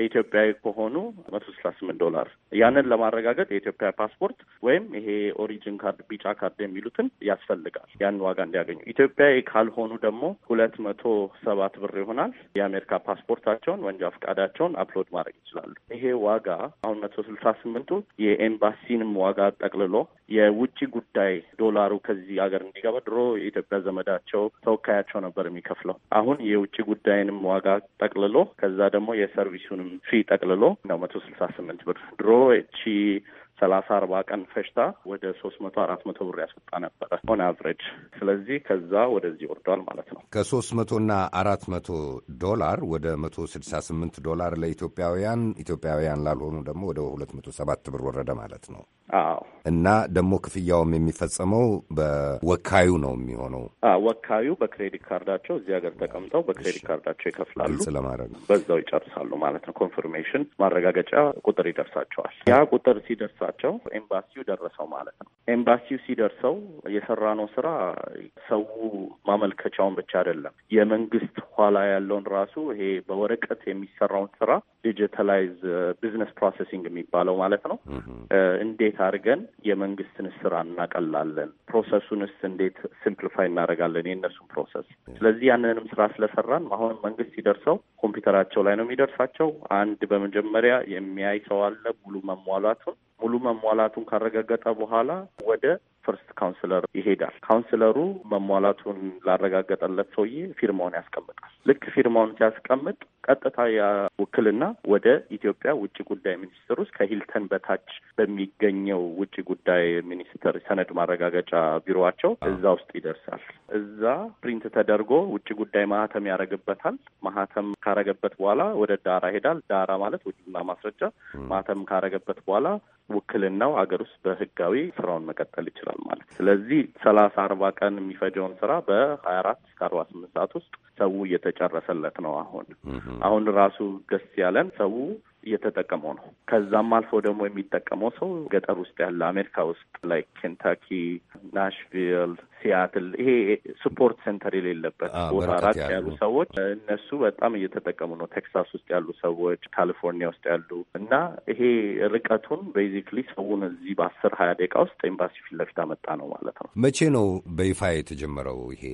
የኢትዮጵያዊ ከሆኑ መቶ ስልሳ ስምንት ዶላር። ያንን ለማረጋገጥ የኢትዮጵያ ፓስፖርት ወይም ይሄ ኦሪጅን ካርድ፣ ቢጫ ካርድ የሚሉትን ያስፈልጋል። ያን ዋጋ እንዲያገኙ። ኢትዮጵያዊ ካልሆኑ ደግሞ ሁለት መቶ ሰባት ብር ይሆናል። የአሜሪካ ፓስፖርታቸውን ወንጃ ፈቃዳቸውን አፕሎድ ማድረግ ይችላሉ። ይሄ ዋጋ አሁን መቶ ስልሳ ስምንቱ የኤምባሲንም ዋጋ ጠቅልሎ የውጭ ጉዳይ ዶላሩ ከዚህ ሀገር እንዲገባ ድሮ የኢትዮጵያ ዘመዳቸው ተወካያቸው ነበር የሚከፍለው። አሁን የውጭ ጉዳይንም ዋጋ ጠቅልሎ ከዛ ደግሞ የሰርቪሱንም ፊ ጠቅልሎ ነው መቶ ስልሳ ስምንት ብር ድሮ ቺ ሰላሳ አርባ ቀን ፈሽታ ወደ ሶስት መቶ አራት መቶ ብር ያስወጣ ነበረ ሆን አቨሬጅ። ስለዚህ ከዛ ወደዚህ ወርዷል ማለት ነው። ከሶስት መቶ እና አራት መቶ ዶላር ወደ መቶ ስድሳ ስምንት ዶላር ለኢትዮጵያውያን ኢትዮጵያውያን ላልሆኑ ደግሞ ወደ ሁለት መቶ ሰባት ብር ወረደ ማለት ነው። አዎ እና ደግሞ ክፍያውም የሚፈጸመው በወካዩ ነው የሚሆነው። ወካዩ በክሬዲት ካርዳቸው እዚህ ሀገር ተቀምጠው በክሬዲት ካርዳቸው ይከፍላሉ። ግልጽ ለማድረግ በዛው ይጨርሳሉ ማለት ነው። ኮንፊርሜሽን ማረጋገጫ ቁጥር ይደርሳቸዋል። ያ ቁጥር ሲደርሳ ሲደርሳቸው ኤምባሲው ደረሰው ማለት ነው። ኤምባሲው ሲደርሰው የሰራነው ስራ ሰው ማመልከቻውን ብቻ አይደለም የመንግስት ኋላ ያለውን ራሱ ይሄ በወረቀት የሚሰራውን ስራ ዲጂታላይዝ ቢዝነስ ፕሮሰሲንግ የሚባለው ማለት ነው። እንዴት አድርገን የመንግስትን ስራ እናቀላለን፣ ፕሮሰሱንስ እንዴት ሲምፕሊፋይ እናደርጋለን የእነሱን ፕሮሰስ። ስለዚህ ያንንም ስራ ስለሰራን አሁንም መንግስት ሲደርሰው ኮምፒውተራቸው ላይ ነው የሚደርሳቸው። አንድ በመጀመሪያ የሚያይ ሰው አለ ሙሉ መሟላቱን ሙሉ መሟላቱን ካረጋገጠ በኋላ ወደ ፈርስት ካውንስለር ይሄዳል። ካውንስለሩ መሟላቱን ላረጋገጠለት ሰውዬ ፊርማውን ያስቀምጣል። ልክ ፊርማውን ሲያስቀምጥ ቀጥታ ያ ውክልና ወደ ኢትዮጵያ ውጭ ጉዳይ ሚኒስትር ውስጥ ከሂልተን በታች በሚገኘው ውጭ ጉዳይ ሚኒስትር ሰነድ ማረጋገጫ ቢሮዋቸው እዛ ውስጥ ይደርሳል። እዛ ፕሪንት ተደርጎ ውጭ ጉዳይ ማህተም ያደረግበታል። ማህተም ካረገበት በኋላ ወደ ዳራ ይሄዳል። ዳራ ማለት ውጭና ማስረጃ። ማህተም ካረገበት በኋላ ውክልናው አገር ውስጥ በህጋዊ ስራውን መቀጠል ይችላል። ይሆናል ማለት ስለዚህ ሰላሳ አርባ ቀን የሚፈጀውን ስራ በሀያ አራት እስከ አርባ ስምንት ሰዓት ውስጥ ሰው እየተጨረሰለት ነው። አሁን አሁን ራሱ ደስ ያለን ሰው እየተጠቀመው ነው። ከዛም አልፎ ደግሞ የሚጠቀመው ሰው ገጠር ውስጥ ያለ አሜሪካ ውስጥ ላይ ኬንታኪ፣ ናሽቪል ሲያትል ይሄ ስፖርት ሴንተር የሌለበት ቦታ ራቅ ያሉ ሰዎች እነሱ በጣም እየተጠቀሙ ነው። ቴክሳስ ውስጥ ያሉ ሰዎች፣ ካሊፎርኒያ ውስጥ ያሉ እና ይሄ ርቀቱን ቤዚክሊ ሰውን እዚህ በአስር ሀያ ደቂቃ ውስጥ ኤምባሲ ፊት ለፊት አመጣ ነው ማለት ነው። መቼ ነው በይፋ የተጀመረው ይሄ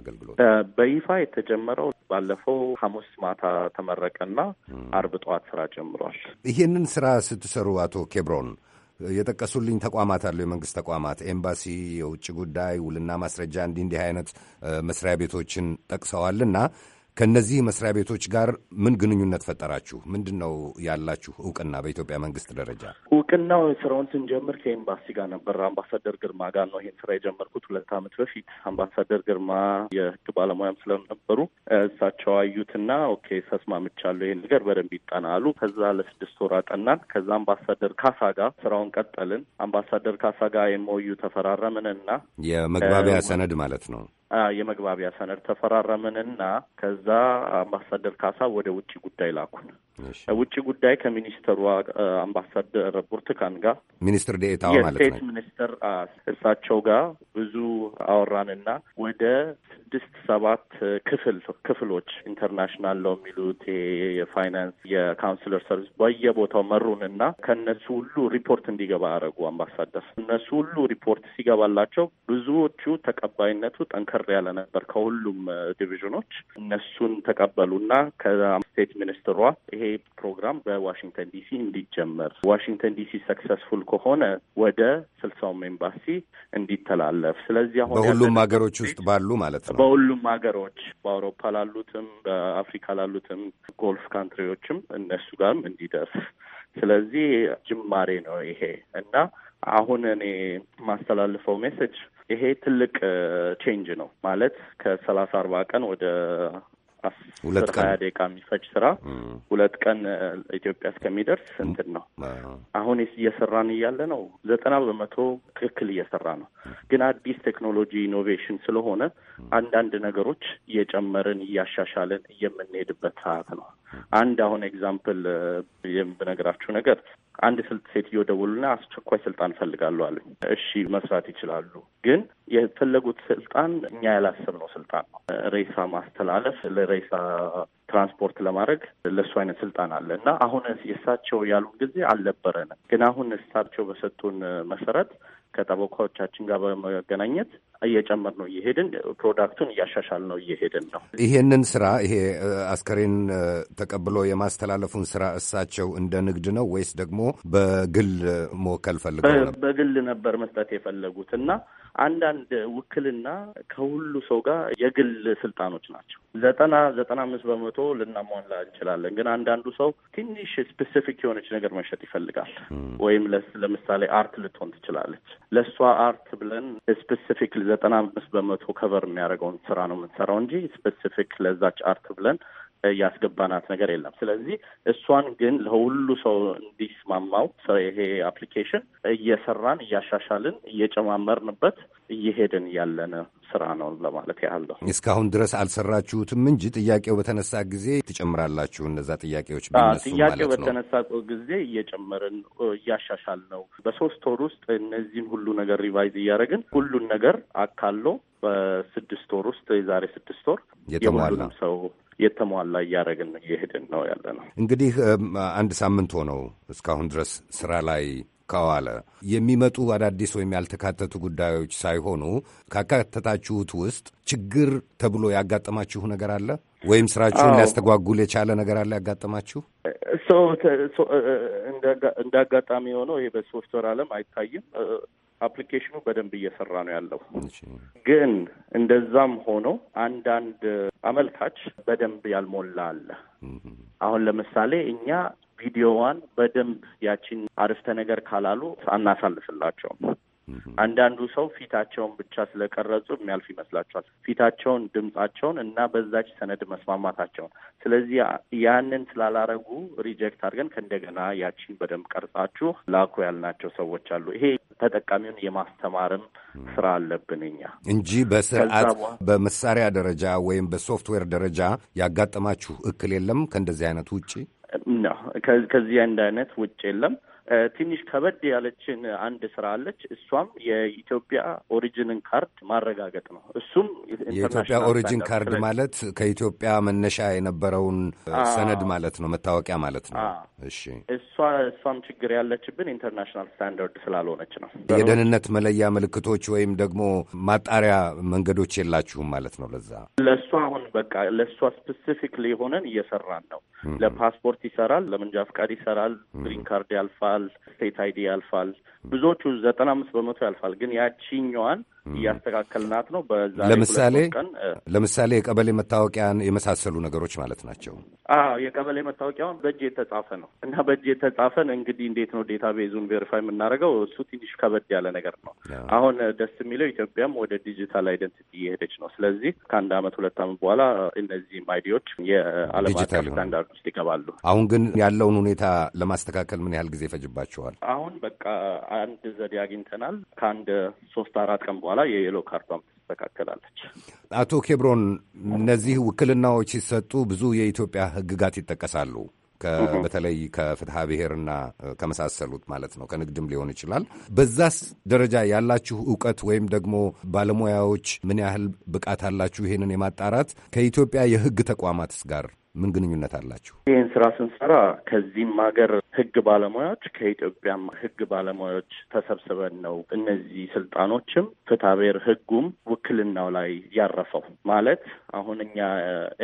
አገልግሎት? በይፋ የተጀመረው ባለፈው ሐሙስ ማታ ተመረቀና አርብ ጠዋት ስራ ጀምሯል። ይሄንን ስራ ስትሰሩ አቶ ኬብሮን የጠቀሱልኝ ተቋማት አሉ። የመንግስት ተቋማት ኤምባሲ፣ የውጭ ጉዳይ፣ ውልና ማስረጃ እንዲህ እንዲህ አይነት መስሪያ ቤቶችን ጠቅሰዋልና ከእነዚህ መስሪያ ቤቶች ጋር ምን ግንኙነት ፈጠራችሁ? ምንድን ነው ያላችሁ እውቅና በኢትዮጵያ መንግስት ደረጃ? እውቅናው ስራውን ስንጀምር ከኤምባሲ ጋር ነበር። አምባሳደር ግርማ ጋር ነው ይህን ስራ የጀመርኩት ሁለት አመት በፊት። አምባሳደር ግርማ የህግ ባለሙያም ስለነበሩ እሳቸው አዩትና ኦኬ ተስማምቻለሁ፣ ይሄን ነገር በደንብ ይጠናሉ። ከዛ ለስድስት ወር አጠናን። ከዛ አምባሳደር ካሳ ጋር ስራውን ቀጠልን። አምባሳደር ካሳ ጋር ኤምኦዩ ተፈራረምንና የመግባቢያ ሰነድ ማለት ነው የመግባቢያ ሰነድ ተፈራረምንና ከዛ አምባሳደር ካሳ ወደ ውጭ ጉዳይ ላኩን። ውጭ ጉዳይ ከሚኒስትሩ አምባሳደር ቡርቱካን ጋር ሚኒስትር ዴኤታዋ ማለት ነው የስቴት ሚኒስትር እሳቸው ጋር ብዙ አወራንና ወደ ስድስት ሰባት ክፍል ክፍሎች ኢንተርናሽናል ነው የሚሉት የፋይናንስ የካውንስለር ሰርቪስ በየቦታው መሩንና ከእነሱ ሁሉ ሪፖርት እንዲገባ አደረጉ አምባሳደር። እነሱ ሁሉ ሪፖርት ሲገባላቸው ብዙዎቹ ተቀባይነቱ ጠንከር ጠንከር ያለ ነበር ከሁሉም ዲቪዥኖች። እነሱን ተቀበሉና ከስቴት ሚኒስትሯ ይሄ ፕሮግራም በዋሽንግተን ዲሲ እንዲጀመር ዋሽንግተን ዲሲ ሰክሰስፉል ከሆነ ወደ ስልሳውም ኤምባሲ እንዲተላለፍ ስለዚህ አሁን በሁሉም ሀገሮች ውስጥ ባሉ ማለት ነው በሁሉም ሀገሮች በአውሮፓ ላሉትም በአፍሪካ ላሉትም ጎልፍ ካንትሪዎችም እነሱ ጋርም እንዲደርስ ስለዚህ ጅማሬ ነው ይሄ እና አሁን እኔ የማስተላልፈው ሜሴጅ ይሄ ትልቅ ቼንጅ ነው ማለት ከሰላሳ አርባ ቀን ወደ ሁለት ቀን ሀያ ደቂቃ የሚፈጅ ስራ ሁለት ቀን ኢትዮጵያ እስከሚደርስ እንትን ነው። አሁን እየሰራን እያለ ነው ዘጠና በመቶ ትክክል እየሰራ ነው። ግን አዲስ ቴክኖሎጂ ኢኖቬሽን ስለሆነ አንዳንድ ነገሮች እየጨመርን እያሻሻልን የምንሄድበት ሰዓት ነው። አንድ አሁን ኤግዛምፕል የምነግራችሁ ነገር አንድ ስልት ሴትዮ ደወሉና አስቸኳይ ስልጣን ፈልጋሉ አሉኝ። እሺ መስራት ይችላሉ፣ ግን የፈለጉት ስልጣን እኛ ያላሰብነው ስልጣን ነው። ሬሳ ማስተላለፍ ለሬሳ ትራንስፖርት ለማድረግ ለእሱ አይነት ስልጣን አለ እና አሁን የእሳቸው ያሉን ጊዜ አልነበረንም፣ ግን አሁን እሳቸው በሰጡን መሰረት ከጠበቃዎቻችን ጋር በመገናኘት እየጨመር ነው እየሄድን ፕሮዳክቱን እያሻሻል ነው እየሄድን ነው። ይሄንን ስራ ይሄ አስከሬን ተቀብሎ የማስተላለፉን ስራ እሳቸው እንደ ንግድ ነው ወይስ ደግሞ በግል መወከል ፈልገው? በግል ነበር መስጠት የፈለጉት እና አንዳንድ ውክልና ከሁሉ ሰው ጋር የግል ስልጣኖች ናቸው። ዘጠና ዘጠና አምስት በመቶ ልናሟላ እንችላለን። ግን አንዳንዱ ሰው ትንሽ ስፔሲፊክ የሆነች ነገር መሸጥ ይፈልጋል። ወይም ለምሳሌ አርት ልትሆን ትችላለች። ለእሷ አርት ብለን ስፔሲፊክ ዘጠና አምስት በመቶ ከቨር የሚያደርገውን ስራ ነው የምንሰራው እንጂ ስፔሲፊክ ለዛች አርት ብለን ያስገባናት ነገር የለም። ስለዚህ እሷን ግን ለሁሉ ሰው እንዲስማማው ይሄ አፕሊኬሽን እየሰራን እያሻሻልን እየጨማመርንበት እየሄድን ያለን ስራ ነው ለማለት ያህል እስካሁን ድረስ አልሰራችሁትም እንጂ ጥያቄው በተነሳ ጊዜ ትጨምራላችሁ። እነዛ ጥያቄዎች ጥያቄው በተነሳ ጊዜ እየጨመርን እያሻሻል ነው። በሶስት ወር ውስጥ እነዚህን ሁሉ ነገር ሪቫይዝ እያደረግን ሁሉን ነገር አካሎ በስድስት ወር ውስጥ የዛሬ ስድስት ወር የሁሉንም ሰው የተሟላ እያደረግን እየሄድን ነው ያለ ነው። እንግዲህ አንድ ሳምንት ሆነው እስካሁን ድረስ ስራ ላይ ከዋለ የሚመጡ አዳዲስ ወይም ያልተካተቱ ጉዳዮች ሳይሆኑ ካካተታችሁት ውስጥ ችግር ተብሎ ያጋጠማችሁ ነገር አለ ወይም ስራችሁን ሊያስተጓጉል የቻለ ነገር አለ ያጋጠማችሁ? እንደ አጋጣሚ የሆነው ይሄ በሶፍትዌር አለም አይታይም። አፕሊኬሽኑ በደንብ እየሰራ ነው ያለው። ግን እንደዛም ሆኖ አንዳንድ አመልካች በደንብ ያልሞላ አለ። አሁን ለምሳሌ እኛ ቪዲዮዋን በደንብ ያቺን አርፍተ ነገር ካላሉ አናሳልፍላቸውም። አንዳንዱ ሰው ፊታቸውን ብቻ ስለቀረጹ የሚያልፍ ይመስላቸዋል። ፊታቸውን፣ ድምጻቸውን እና በዛች ሰነድ መስማማታቸውን። ስለዚህ ያንን ስላላረጉ ሪጀክት አድርገን ከእንደገና ያቺን በደንብ ቀርጻችሁ ላኩ ያልናቸው ሰዎች አሉ። ይሄ ተጠቃሚውን የማስተማርም ስራ አለብን እኛ እንጂ በስርዓት በመሳሪያ ደረጃ ወይም በሶፍትዌር ደረጃ ያጋጠማችሁ እክል የለም ከእንደዚህ አይነት ውጭ ነው። ከዚህ አንድ አይነት ውጭ የለም። ትንሽ ከበድ ያለችን አንድ ስራ አለች። እሷም የኢትዮጵያ ኦሪጅንን ካርድ ማረጋገጥ ነው። እሱም የኢትዮጵያ ኦሪጅን ካርድ ማለት ከኢትዮጵያ መነሻ የነበረውን ሰነድ ማለት ነው፣ መታወቂያ ማለት ነው። እሺ፣ እሷ እሷም ችግር ያለችብን ኢንተርናሽናል ስታንዳርድ ስላልሆነች ነው። የደህንነት መለያ ምልክቶች ወይም ደግሞ ማጣሪያ መንገዶች የላችሁም ማለት ነው። ለዛ ለእሷ አሁን በቃ ለእሷ ስፔሲፊክሊ ሆነን እየሰራን ነው። ለፓስፖርት ይሰራል፣ ለመንጃ ፍቃድ ይሰራል፣ ግሪን ካርድ ያልፋል ያልፋል፣ ስቴት አይዲ ያልፋል፣ ብዙዎቹ ዘጠና አምስት በመቶ ያልፋል። ግን ያቺኛዋን እያስተካከልናት ነው። በዛ ለምሳሌ ለምሳሌ የቀበሌ መታወቂያን የመሳሰሉ ነገሮች ማለት ናቸው። አዎ የቀበሌ መታወቂያውን በእጅ የተጻፈ ነው እና በእጅ የተጻፈን እንግዲህ እንዴት ነው ዴታ ቤዙን ቬሪፋይ የምናደርገው? እሱ ትንሽ ከበድ ያለ ነገር ነው። አሁን ደስ የሚለው ኢትዮጵያም ወደ ዲጂታል አይደንቲቲ እየሄደች ነው። ስለዚህ ከአንድ አመት ሁለት አመት በኋላ እነዚህ አይዲዎች የዓለም አቀፍ ስታንዳርድ ውስጥ ይገባሉ። አሁን ግን ያለውን ሁኔታ ለማስተካከል ምን ያህል ጊዜ ይፈጅባቸዋል? አሁን በቃ አንድ ዘዴ አግኝተናል። ከአንድ ሶስት አራት ቀን በኋላ በኋላ የየሎ ካርዷም ትስተካከላለች። አቶ ኬብሮን፣ እነዚህ ውክልናዎች ሲሰጡ ብዙ የኢትዮጵያ ህግጋት ይጠቀሳሉ። በተለይ ከፍትሐ ብሔርና ከመሳሰሉት ማለት ነው። ከንግድም ሊሆን ይችላል። በዛስ ደረጃ ያላችሁ እውቀት ወይም ደግሞ ባለሙያዎች ምን ያህል ብቃት አላችሁ? ይህንን የማጣራት ከኢትዮጵያ የህግ ተቋማትስ ጋር ምን ግንኙነት አላችሁ? ይህን ስራ ስንሰራ ከዚህም ሀገር ህግ ባለሙያዎች ከኢትዮጵያም ህግ ባለሙያዎች ተሰብስበን ነው እነዚህ ስልጣኖችም ፍትሐብሔር ህጉም ውክልናው ላይ ያረፈው ማለት አሁን እኛ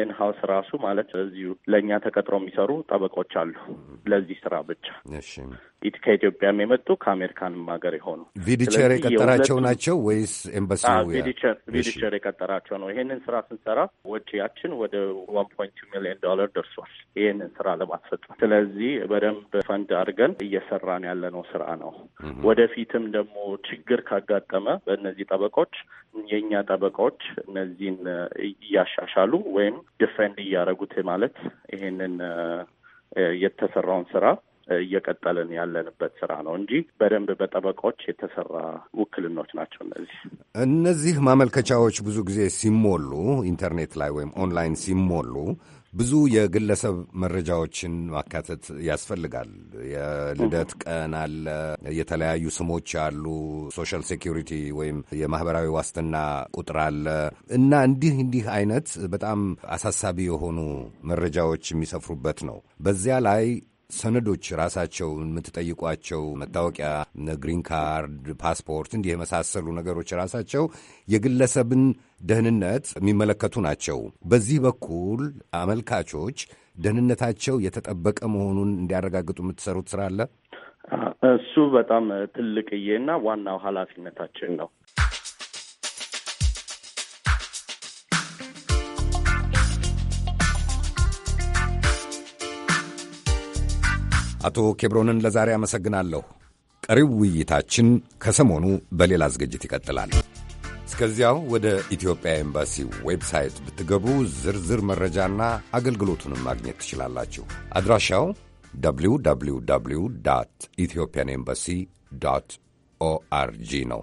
ኢንሃውስ ራሱ ማለት እዚሁ ለእኛ ተቀጥሮ የሚሰሩ ጠበቆች አሉ ለዚህ ስራ ብቻ ከኢትዮጵያም የመጡ ከአሜሪካንም ሀገር የሆኑ ቪዲቸር የቀጠራቸው ናቸው ወይስ ኤምባሲ ቪዲቸር የቀጠራቸው ነው። ይሄንን ስራ ስንሰራ ወጪያችን ወደ ዋን ፖይንት ሚሊዮን ዶላር ደርሷል፣ ይሄንን ስራ ለማስፈጸም። ስለዚህ በደንብ ፈንድ አድርገን እየሰራን ያለነው ስራ ነው። ወደፊትም ደግሞ ችግር ካጋጠመ በእነዚህ ጠበቆች የእኛ ጠበቃዎች እነዚህን እያሻሻሉ ወይም ዲፌንድ እያደረጉት ማለት ይሄንን የተሰራውን ስራ እየቀጠልን ያለንበት ስራ ነው እንጂ በደንብ በጠበቆች የተሰራ ውክልኖች ናቸው። እነዚህ እነዚህ ማመልከቻዎች ብዙ ጊዜ ሲሞሉ ኢንተርኔት ላይ ወይም ኦንላይን ሲሞሉ ብዙ የግለሰብ መረጃዎችን ማካተት ያስፈልጋል። የልደት ቀን አለ፣ የተለያዩ ስሞች አሉ፣ ሶሻል ሴኪሪቲ ወይም የማህበራዊ ዋስትና ቁጥር አለ እና እንዲህ እንዲህ አይነት በጣም አሳሳቢ የሆኑ መረጃዎች የሚሰፍሩበት ነው። በዚያ ላይ ሰነዶች ራሳቸው የምትጠይቋቸው መታወቂያ፣ ግሪን ካርድ፣ ፓስፖርት እንዲህ የመሳሰሉ ነገሮች ራሳቸው የግለሰብን ደህንነት የሚመለከቱ ናቸው። በዚህ በኩል አመልካቾች ደህንነታቸው የተጠበቀ መሆኑን እንዲያረጋግጡ የምትሰሩት ስራ አለ። እሱ በጣም ትልቅዬና ዋናው ኃላፊነታችን ነው። አቶ ኬብሮንን ለዛሬ አመሰግናለሁ። ቀሪው ውይይታችን ከሰሞኑ በሌላ ዝግጅት ይቀጥላል። እስከዚያው ወደ ኢትዮጵያ ኤምባሲ ዌብሳይት ብትገቡ ዝርዝር መረጃና አገልግሎቱንም ማግኘት ትችላላችሁ። አድራሻው www ኢትዮጵያን ኤምባሲ ኦአርጂ ነው።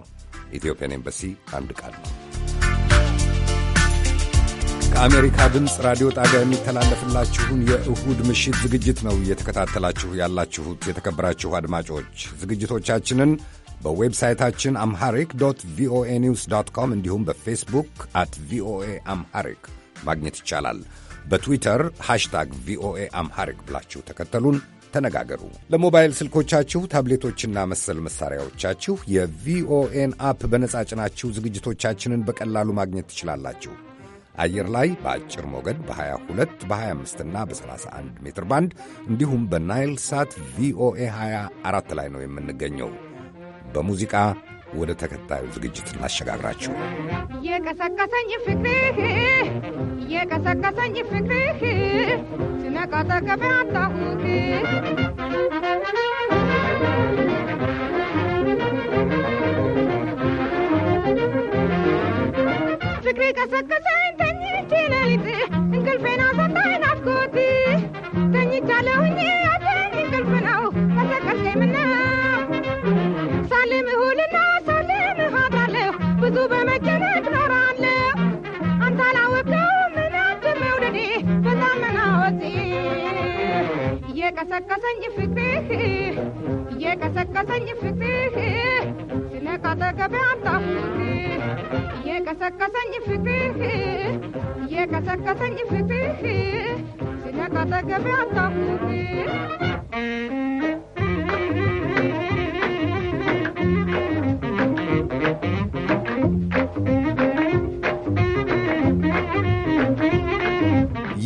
ኢትዮጵያን ኤምባሲ አንድ ቃል ነው። ከአሜሪካ ድምፅ ራዲዮ ጣቢያ የሚተላለፍላችሁን የእሁድ ምሽት ዝግጅት ነው እየተከታተላችሁ ያላችሁት። የተከበራችሁ አድማጮች ዝግጅቶቻችንን በዌብሳይታችን አምሐሪክ ዶት ቪኦኤ ኒውስ ዶት ኮም እንዲሁም በፌስቡክ አት ቪኦኤ አምሐሪክ ማግኘት ይቻላል። በትዊተር ሃሽታግ ቪኦኤ አምሐሪክ ብላችሁ ተከተሉን፣ ተነጋገሩ። ለሞባይል ስልኮቻችሁ ታብሌቶችና መሰል መሳሪያዎቻችሁ የቪኦኤን አፕ በነጻ ጭናችሁ ዝግጅቶቻችንን በቀላሉ ማግኘት ትችላላችሁ። አየር ላይ በአጭር ሞገድ በ22 በ25 እና በ31 ሜትር ባንድ እንዲሁም በናይል ሳት ቪኦኤ 24 ላይ ነው የምንገኘው። በሙዚቃ ወደ ተከታዩ ዝግጅት እናሸጋግራችሁ። የቀሰቀሰኝ ፍቅርህ እየቀሰቀሰኝ ፍቅርህ ስነቃ አጣሁህ ፍቅርህ ቀሰቀሰኝ የቀሰቀሰኝ ፍቅርህ የቀሰቀሰኝ ፍቅርህ ስለ ካጠገቤ አጣፍኩት የቀሰቀሰኝ ፍቅርህ ከሰከሰኝ ፍትህ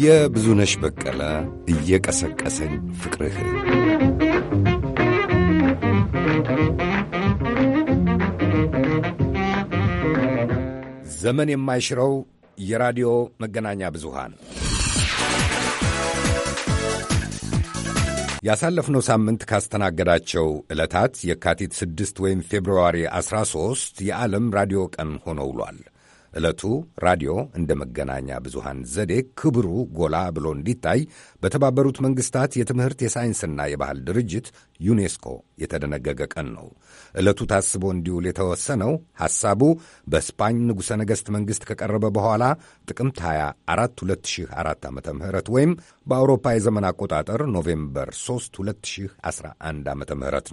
የብዙነሽ በቀለ እየቀሰቀሰኝ ፍቅርህ ዘመን የማይሽረው የራዲዮ መገናኛ ብዙሃን ያሳለፍነው ሳምንት ካስተናገዳቸው ዕለታት የካቲት 6 ወይም ፌብርዋሪ 13 የዓለም ራዲዮ ቀን ሆኖ ውሏል። ዕለቱ ራዲዮ እንደ መገናኛ ብዙሃን ዘዴ ክብሩ ጎላ ብሎ እንዲታይ በተባበሩት መንግስታት የትምህርት የሳይንስና የባህል ድርጅት ዩኔስኮ የተደነገገ ቀን ነው። ዕለቱ ታስቦ እንዲውል የተወሰነው ሐሳቡ በስፓኝ ንጉሠ ነገሥት መንግሥት ከቀረበ በኋላ ጥቅምት 24 2004 ዓ ም ወይም በአውሮፓ የዘመን አቆጣጠር ኖቬምበር 3 2011 ዓ ም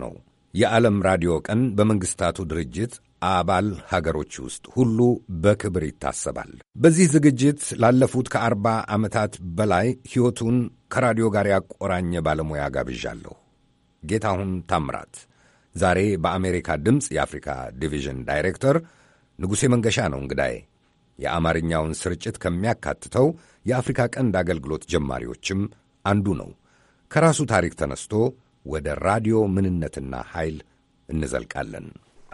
ነው። የዓለም ራዲዮ ቀን በመንግሥታቱ ድርጅት አባል ሀገሮች ውስጥ ሁሉ በክብር ይታሰባል። በዚህ ዝግጅት ላለፉት ከአርባ ዓመታት በላይ ሕይወቱን ከራዲዮ ጋር ያቆራኘ ባለሙያ ጋብዣለሁ። ጌታሁን ታምራት ዛሬ በአሜሪካ ድምፅ የአፍሪካ ዲቪዥን ዳይሬክተር ንጉሴ መንገሻ ነው እንግዳዬ። የአማርኛውን ስርጭት ከሚያካትተው የአፍሪካ ቀንድ አገልግሎት ጀማሪዎችም አንዱ ነው። ከራሱ ታሪክ ተነስቶ ወደ ራዲዮ ምንነትና ኃይል እንዘልቃለን።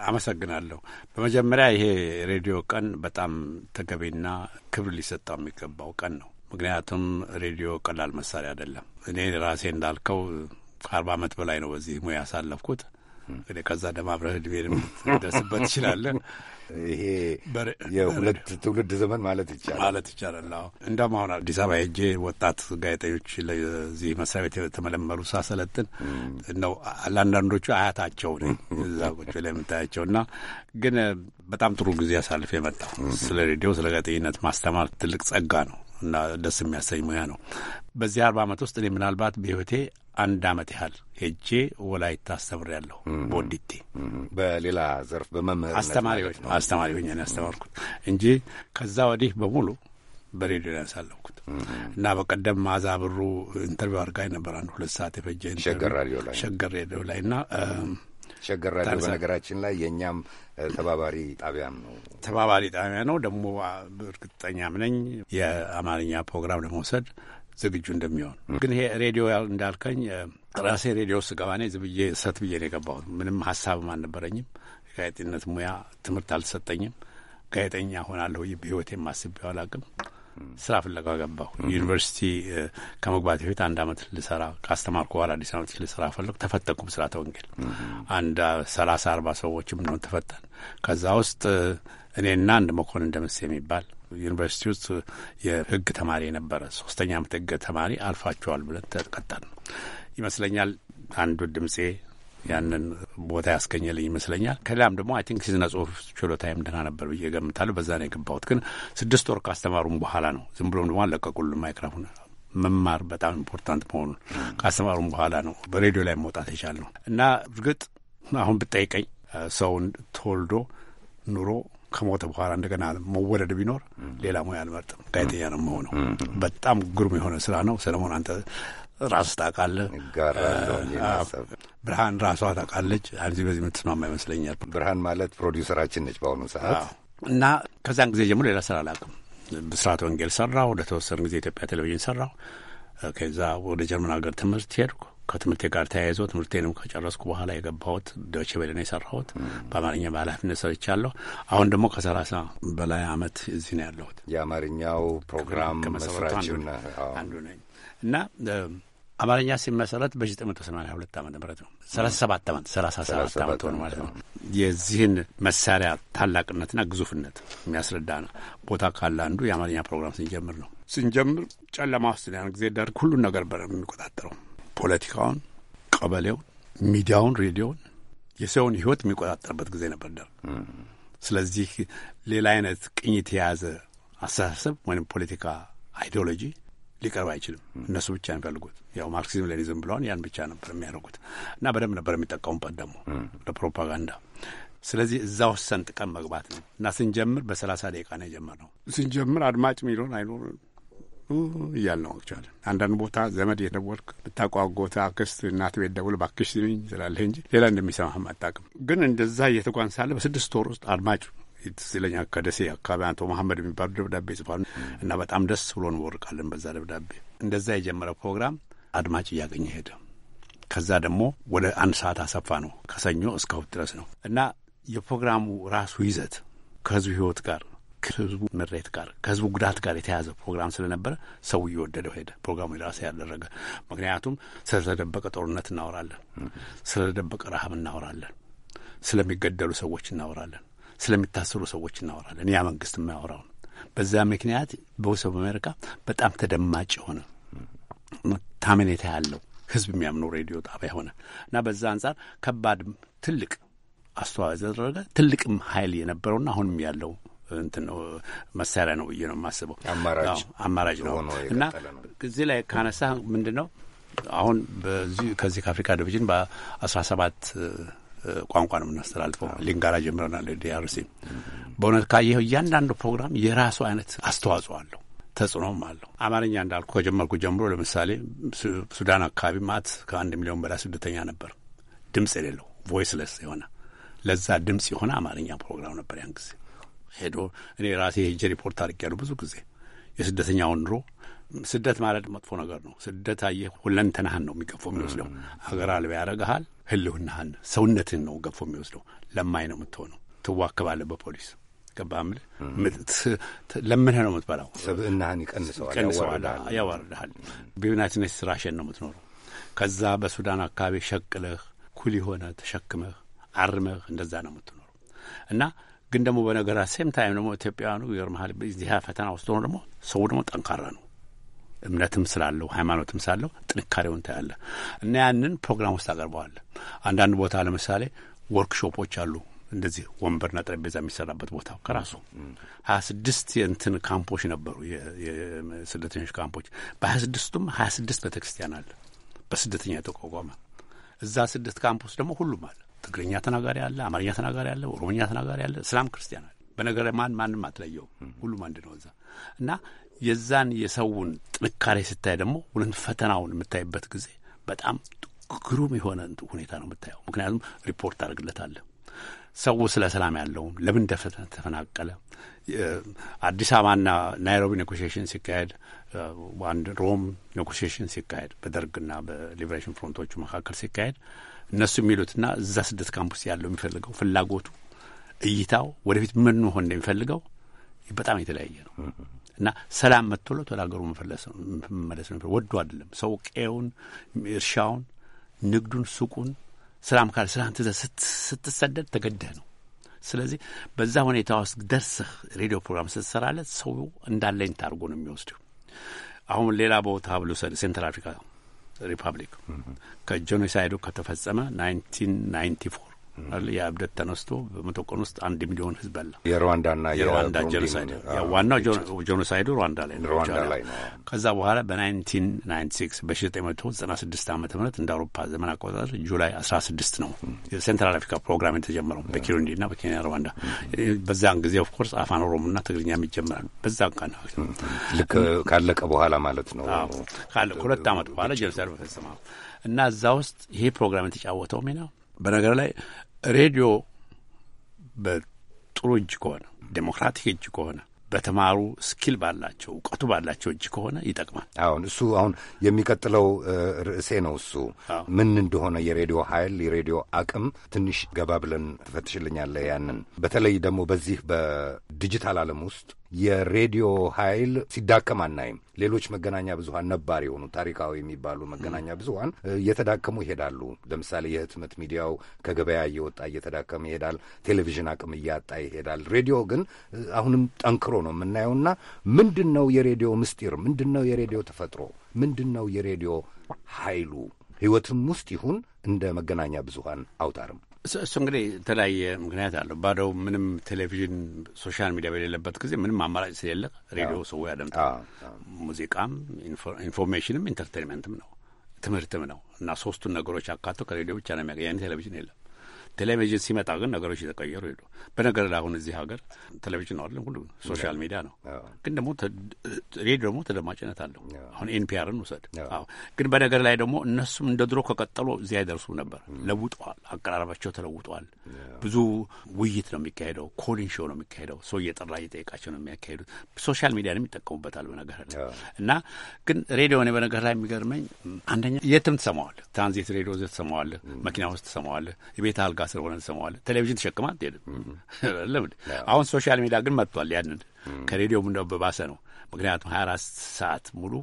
አመሰግናለሁ። በመጀመሪያ ይሄ ሬዲዮ ቀን በጣም ተገቢና ክብር ሊሰጠው የሚገባው ቀን ነው። ምክንያቱም ሬዲዮ ቀላል መሳሪያ አይደለም። እኔ ራሴ እንዳልከው ከአርባ ዓመት በላይ ነው በዚህ ሙያ ያሳለፍኩት። ከዛ ደማ ብረህ እድሜ ደርስበት ይሄ የሁለት ትውልድ ዘመን ማለት ይቻላል ማለት ይቻላል። እንደውም አሁን አዲስ አበባ ሄጄ ወጣት ጋዜጠኞች ለዚህ መስሪያ ቤት የተመለመሉ ሳሰለጥን ነው ለአንዳንዶቹ አያታቸው ነኝ እዛ ቁጭ ላይ የምታያቸው እና ግን በጣም ጥሩ ጊዜ አሳልፍ የመጣው ስለ ሬዲዮ ስለ ጋዜጠኝነት ማስተማር ትልቅ ጸጋ ነው እና ደስ የሚያሰኝ ሙያ ነው። በዚህ አርባ ዓመት ውስጥ እኔ ምናልባት በህይወቴ አንድ አመት ያህል ሄጄ ወላይታ ያለሁ ቦዲቲ በሌላ ዘርፍ በመምህር አስተማሪዎች ነው አስተማሪ ሆኜ ያስተማርኩት እንጂ ከዛ ወዲህ በሙሉ በሬዲዮ ያሳለፍኩት እና በቀደም ማዛ ብሩ ኢንተርቪው አድርጋኝ ነበር። አንድ ሁለት ሰዓት የፈጀ ሸገር ሬዲዮ ላይ ሸገር ሬዲዮ ላይ እና ሸገር ራዲዮ በነገራችን ላይ የእኛም ተባባሪ ጣቢያም ነው። ተባባሪ ጣቢያ ነው ደግሞ እርግጠኛም ነኝ የአማርኛ ፕሮግራም ለመውሰድ ዝግጁ እንደሚሆን ግን ይሄ ሬዲዮ እንዳልከኝ ራሴ ሬዲዮ ውስጥ ገባ እኔ ብዬ እሰት ብዬ ነው የገባሁት። ምንም ሀሳብም አልነበረኝም። የጋዜጠኝነት ሙያ ትምህርት አልተሰጠኝም። ጋዜጠኛ ሆናለሁ በህይወቴም አስቤው አላውቅም። ስራ ፍለጋ ገባሁ። ዩኒቨርሲቲ ከመግባት በፊት አንድ አመት ልሰራ ከአስተማርኩ በኋላ አዲስ አመት ልሰራ ፈለግ ተፈተንኩ። ብስራተ ወንጌል አንድ ሰላሳ አርባ ሰዎችም ነው ተፈተን። ከዛ ውስጥ እኔና አንድ መኮንን እንደምስ የሚባል ዩኒቨርሲቲ ውስጥ የህግ ተማሪ የነበረ ሶስተኛ ዓመት ህግ ተማሪ አልፋቸዋል ብለን ነው ይመስለኛል። አንዱ ድምፄ ያንን ቦታ ያስገኘልኝ ይመስለኛል። ከሌላም ደግሞ አይ ቲንክ ሲዝነ ጽሁፍ ችሎታዬም ደህና ነበር ብዬ ገምታለሁ። በዛ ነው የገባሁት። ግን ስድስት ወር ካስተማሩም በኋላ ነው ዝም ብሎም ደግሞ አለቀቁሉ ማይክራፎን መማር በጣም ኢምፖርታንት መሆኑን ካስተማሩም በኋላ ነው በሬዲዮ ላይ መውጣት ነው እና እርግጥ አሁን ብጠይቀኝ ሰውን ተወልዶ ኑሮ ከሞተ በኋላ እንደገና መወደድ ቢኖር ሌላ ሙያ አልመርጥም፣ ጋዜጠኛ ነው መሆነው። በጣም ግሩም የሆነ ስራ ነው። ሰለሞን አንተ ራስ ታውቃለህ። ብርሃን ራሷ ታውቃለች። በዚህ በዚህ የምትስማማ ይመስለኛል። ብርሃን ማለት ፕሮዲውሰራችን ነች በአሁኑ ሰዓት እና ከዚያን ጊዜ ጀምሮ ሌላ ስራ አላውቅም። ብስራት ወንጌል ሰራሁ። ለተወሰነ ጊዜ ኢትዮጵያ ቴሌቪዥን ሰራሁ። ከዛ ወደ ጀርመን ሀገር ትምህርት ሄድኩ። ከትምህርቴ ጋር ተያይዞ ትምህርቴንም ከጨረስኩ በኋላ የገባሁት ዶች ቤለ ነው የሰራሁት። በአማርኛ በኃላፊነት ሰርቻለሁ። አሁን ደግሞ ከሰላሳ በላይ አመት እዚህ ነው ያለሁት። የአማርኛው ፕሮግራም መስራች አንዱ ነኝ እና አማርኛ ሲመሰረት በ1982 ዓ ም ነው 37 ዓመት 37 ዓመት ሆነ ማለት ነው። የዚህን መሳሪያ ታላቅነትና ግዙፍነት የሚያስረዳ ነው። ቦታ ካለ አንዱ የአማርኛ ፕሮግራም ስንጀምር ነው ስንጀምር ጨለማ ውስጥ ያን ጊዜ ደርግ ሁሉን ነገር በር የሚቆጣጠረው ፖለቲካውን፣ ቀበሌውን፣ ሚዲያውን፣ ሬዲዮውን የሰውን ህይወት የሚቆጣጠርበት ጊዜ ነበር ደር ስለዚህ ሌላ አይነት ቅኝት የያዘ አስተሳሰብ ወይም ፖለቲካ አይዲዮሎጂ ሊቀርብ አይችልም። እነሱ ብቻ የሚፈልጉት ያው ማርክሲዝም ሌኒዝም ብለዋን ያን ብቻ ነበር የሚያደርጉት እና በደንብ ነበር የሚጠቀሙበት ደግሞ ለፕሮፓጋንዳ። ስለዚህ እዛ ውስጥ ሰንጥቀን መግባት ነው እና ስንጀምር በሰላሳ ደቂቃ ነው የጀመርነው። ስንጀምር አድማጭ ሚሊዮን አይኖር እያል ነው አክቹዋሊ። አንዳንድ ቦታ ዘመድ የደወልክ ብታቋጎተ አክስት እናት ቤት ደውል ባክሽ ስሚኝ ስላለህ እንጂ ሌላ እንደሚሰማህም አጣቅም። ግን እንደዛ እየተጓን ሳለ በስድስት ወር ውስጥ አድማጭ ስለኛ ከደሴ አካባቢ አቶ መሐመድ የሚባሉ ደብዳቤ ጽፏል እና በጣም ደስ ብሎ እንወርቃለን በዛ ደብዳቤ። እንደዛ የጀመረ ፕሮግራም አድማጭ እያገኘ ሄደ። ከዛ ደግሞ ወደ አንድ ሰዓት አሰፋ ነው ከሰኞ እስከ እሁድ ድረስ ነው እና የፕሮግራሙ ራሱ ይዘት ከህዝብ ህይወት ጋር ከህዝቡ ምሬት ጋር ከህዝቡ ጉዳት ጋር የተያዘ ፕሮግራም ስለነበረ ሰው እየወደደው ሄደ። ፕሮግራሙ የራሴ ያደረገ ምክንያቱም ስለተደበቀ ጦርነት እናወራለን፣ ስለተደበቀ ረሀብ እናወራለን፣ ስለሚገደሉ ሰዎች እናወራለን፣ ስለሚታሰሩ ሰዎች እናወራለን። ያ መንግስት የማያወራው በዛ ምክንያት በውስ አሜሪካ በጣም ተደማጭ የሆነ ታሜኔታ ያለው ህዝብ የሚያምኑ ሬዲዮ ጣቢያ ሆነ እና በዛ አንጻር ከባድም ትልቅ አስተዋጽኦ ያደረገ ትልቅም ኃይል የነበረውና አሁንም ያለው እንትን ነው መሳሪያ ነው ብዬ ነው የማስበው። አማራጭ ነው እና እዚህ ላይ ካነሳ ምንድን ነው አሁን በዚህ ከዚህ ከአፍሪካ ዲቪዥን በአስራ ሰባት ቋንቋ ነው የምናስተላልፈው። ሊንጋራ ጀምረናል። ዲአርሲ በእውነት ካየኸው እያንዳንዱ ፕሮግራም የራሱ አይነት አስተዋጽኦ አለው፣ ተጽዕኖም አለው። አማርኛ እንዳልኩ ከጀመርኩ ጀምሮ ለምሳሌ ሱዳን አካባቢ ማት ከአንድ ሚሊዮን በላይ ስደተኛ ነበር፣ ድምፅ የሌለው ቮይስለስ የሆነ ለዛ ድምፅ የሆነ አማርኛ ፕሮግራም ነበር ያን ጊዜ ሄዶ እኔ ራሴ ሄጄ ሪፖርት አድርጌያለሁ ብዙ ጊዜ የስደተኛውን ኑሮ ስደት ማለት መጥፎ ነገር ነው። ስደት አየህ ሁለንተናህን ነው የሚገፎ የሚወስደው። ሀገር አልባ ያደርግሃል። ህልውናህን ሰውነትህን ነው ገፎ የሚወስደው። ለማኝ ነው የምትሆነው። ትዋከባለህ በፖሊስ ገባህ እምልህ ለምንህ ነው የምትበላው። ስብእናህን ይቀንሰዋል፣ ያዋርድሃል። በዩናይትድ ኔሽንስ ራሽን ነው የምትኖረው። ከዛ በሱዳን አካባቢ ሸቅለህ ኩል የሆነ ተሸክመህ አርመህ እንደዛ ነው የምትኖረው እና ግን ደግሞ በነገር ሴም ታይም ደግሞ ኢትዮጵያውያኑ ይገርምሃል፣ እዚያ ፈተና ውስጥ ሆኖ ደግሞ ሰው ደግሞ ጠንካራ ነው። እምነትም ስላለው ሃይማኖትም ስላለው ጥንካሬውን ታያለ እና ያንን ፕሮግራም ውስጥ አቀርበዋል። አንዳንድ ቦታ ለምሳሌ ወርክሾፖች አሉ እንደዚህ ወንበርና ጠረጴዛ የሚሰራበት ቦታ ከራሱ ሀያ ስድስት የእንትን ካምፖች ነበሩ፣ የስደተኞች ካምፖች። በሀያ ስድስቱም ሀያ ስድስት ቤተክርስቲያን አለ በስደተኛ የተቋቋመ እዛ ስደት ካምፖስ ደግሞ ሁሉም አለ ትግርኛ ተናጋሪ አለ፣ አማርኛ ተናጋሪ አለ፣ ኦሮምኛ ተናጋሪ አለ፣ እስላም ክርስቲያን አለ። በነገር ማን ማንም አትለየው፣ ሁሉም አንድ ነው እዛ እና የዛን የሰውን ጥንካሬ ስታይ ደግሞ ሁለት ፈተናውን የምታይበት ጊዜ በጣም ግሩም የሆነ ሁኔታ ነው የምታየው። ምክንያቱም ሪፖርት አለ ሰው ስለ ሰላም ያለውን ለምን ተፈናቀለ። አዲስ አበባና ናይሮቢ ኔጎሽሽን ሲካሄድ ሮም ኔጎሽሽን ሲካሄድ በደርግና በሊበሬሽን ፍሮንቶቹ መካከል ሲካሄድ እነሱ የሚሉትና እዛ ስደት ካምፕስ ያለው የሚፈልገው ፍላጎቱ፣ እይታው ወደፊት ምን ሆን እንደሚፈልገው በጣም የተለያየ ነው እና ሰላም መጥቶሎ ወደ ሀገሩ መመለስ ነው። ወዱ አይደለም ሰው ቀየውን፣ እርሻውን፣ ንግዱን፣ ሱቁን፣ ስራም ካለ ስራን ትዘህ ስትሰደድ ተገደህ ነው። ስለዚህ በዛ ሁኔታ ውስጥ ደርስህ ሬዲዮ ፕሮግራም ስትሰራለት ሰው እንዳለኝ ታርጎ ነው የሚወስድ። አሁን ሌላ ቦታ ብሎ ሴንትራል አፍሪካ ሪፐብሊክ ከጄኖሳይዱ ከተፈጸመ ናይንቲን ናይንቲ ፎር የእብደት ተነስቶ በመቶ ቀን ውስጥ አንድ ሚሊዮን ህዝብ አለ። የሩዋንዳና የሩዋንዳ ጀኖሳይድ ዋናው ጀኖሳይዱ ሩዋንዳ ላይ ነው። ከዛ በኋላ በናይንቲን ናይንቲ ሲክስ በሺህ መቶ ዘጠና ስድስት ዓመተ ምህረት እንደ አውሮፓ ዘመን አቆጣጠር ጁላይ አስራ ስድስት ነው የሴንትራል አፍሪካ ፕሮግራም የተጀመረው በኪሩንዲ በኪሩንዲና በኬንያ ሩዋንዳ። በዛን ጊዜ ኦፍኮርስ አፋን ኦሮሞና ትግርኛም ይጀምራል። በዛን ቀን ልክ ካለቀ በኋላ ማለት ነው። ሁለት ዓመት በኋላ ጀኖሳይድ በፈጸማ እና እዛ ውስጥ ይሄ ፕሮግራም የተጫወተው ሚና በነገር ላይ ሬዲዮ በጥሩ እጅ ከሆነ ዴሞክራቲክ እጅ ከሆነ በተማሩ ስኪል ባላቸው እውቀቱ ባላቸው እጅ ከሆነ ይጠቅማል። አሁን እሱ አሁን የሚቀጥለው ርዕሴ ነው። እሱ ምን እንደሆነ የሬዲዮ ኃይል የሬዲዮ አቅም ትንሽ ገባ ብለን ትፈትሽልኛለህ? ያንን በተለይ ደግሞ በዚህ በዲጂታል ዓለም ውስጥ የሬዲዮ ኃይል ሲዳከም አናይም። ሌሎች መገናኛ ብዙሀን ነባር የሆኑ ታሪካዊ የሚባሉ መገናኛ ብዙሀን እየተዳከሙ ይሄዳሉ። ለምሳሌ የህትመት ሚዲያው ከገበያ እየወጣ እየተዳከመ ይሄዳል። ቴሌቪዥን አቅም እያጣ ይሄዳል። ሬዲዮ ግን አሁንም ጠንክሮ ነው የምናየውና ምንድን ነው የሬዲዮ ምስጢር? ምንድን ነው የሬዲዮ ተፈጥሮ? ምንድን ነው የሬዲዮ ኃይሉ? ህይወትም ውስጥ ይሁን እንደ መገናኛ ብዙሀን አውታርም እሱ እንግዲህ የተለያየ ምክንያት አለው። ባዶው ምንም ቴሌቪዥን፣ ሶሻል ሚዲያ በሌለበት ጊዜ ምንም አማራጭ ስለሌለ ሬዲዮ ሰው ያደምጣል። ሙዚቃም፣ ኢንፎርሜሽንም፣ ኢንተርቴንመንትም ነው፣ ትምህርትም ነው እና ሶስቱን ነገሮች አካቶ ከሬዲዮ ብቻ ነው የሚያገኝ። ቴሌቪዥን የለም። ቴሌቪዥን ሲመጣ ግን ነገሮች የተቀየሩ ሄዱ። በነገር ላይ አሁን እዚህ ሀገር ቴሌቪዥን ነው አይደለም፣ ሁሉ ሶሻል ሚዲያ ነው። ግን ደግሞ ሬዲዮ ደግሞ ተደማጭነት አለው። አሁን ኤንፒአርን ውሰድ። ግን በነገር ላይ ደግሞ እነሱም እንደ ድሮ ከቀጠሉ እዚህ አይደርሱም ነበር። ለውጠዋል፣ አቀራረባቸው ተለውጠዋል። ብዙ ውይይት ነው የሚካሄደው፣ ኮሊን ሾው ነው የሚካሄደው። ሰው እየጠራ እየጠየቃቸው ነው የሚያካሄዱት። ሶሻል ሚዲያንም ይጠቀሙበታል በነገር ላይ እና ግን ሬዲዮ እኔ በነገር ላይ የሚገርመኝ አንደኛ የትም ትሰማዋለህ፣ ትራንዚት ሬዲዮ ትሰማዋለህ፣ መኪና ውስጥ ትሰማዋለህ፣ የቤት አልጋ ፖለቲካ ስለሆነ እንሰማዋለን። ቴሌቪዥን ተሸክማ አትሄድም። አሁን ሶሻል ሚዲያ ግን መጥቷል። ያንን ከሬዲዮ ምንደ በባሰ ነው። ምክንያቱም ሀያ አራት ሰዓት ሙሉ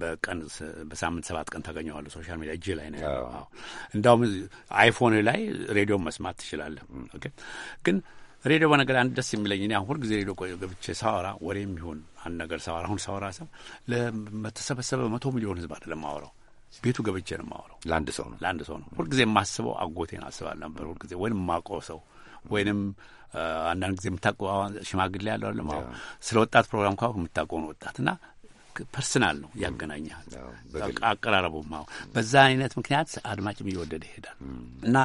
በቀን በሳምንት ሰባት ቀን ታገኘዋለሁ። ሶሻል ሚዲያ እጅ ላይ ነው ያለው። እንዳውም አይፎን ላይ ሬዲዮ መስማት ትችላለህ። ግን ሬዲዮ በነገር አንድ ደስ የሚለኝ እኔ አሁን ሁልጊዜ ሬዲዮ ገብቼ ሳወራ ወሬም ይሁን አንድ ነገር ሳወራ አሁን ሳወራ ሰብ ለተሰበሰበ መቶ ሚሊዮን ህዝብ አይደለም አወራው ቤቱ ገብቼ ነው የማወራው። ለአንድ ሰው ነው ለአንድ ሰው ነው። ሁልጊዜ የማስበው አጎቴን አስባል ነበር ሁልጊዜ ወይም የማውቀው ሰው ወይንም አንዳንድ ጊዜ የምታውቀው ሽማግሌ ያለው አለ ስለ ወጣት ፕሮግራም እንኳ የምታውቀውን ወጣት እና ፐርስናል ነው ያገናኛል። አቀራረቡ በዛ አይነት ምክንያት አድማጭም እየወደደ ይሄዳል እና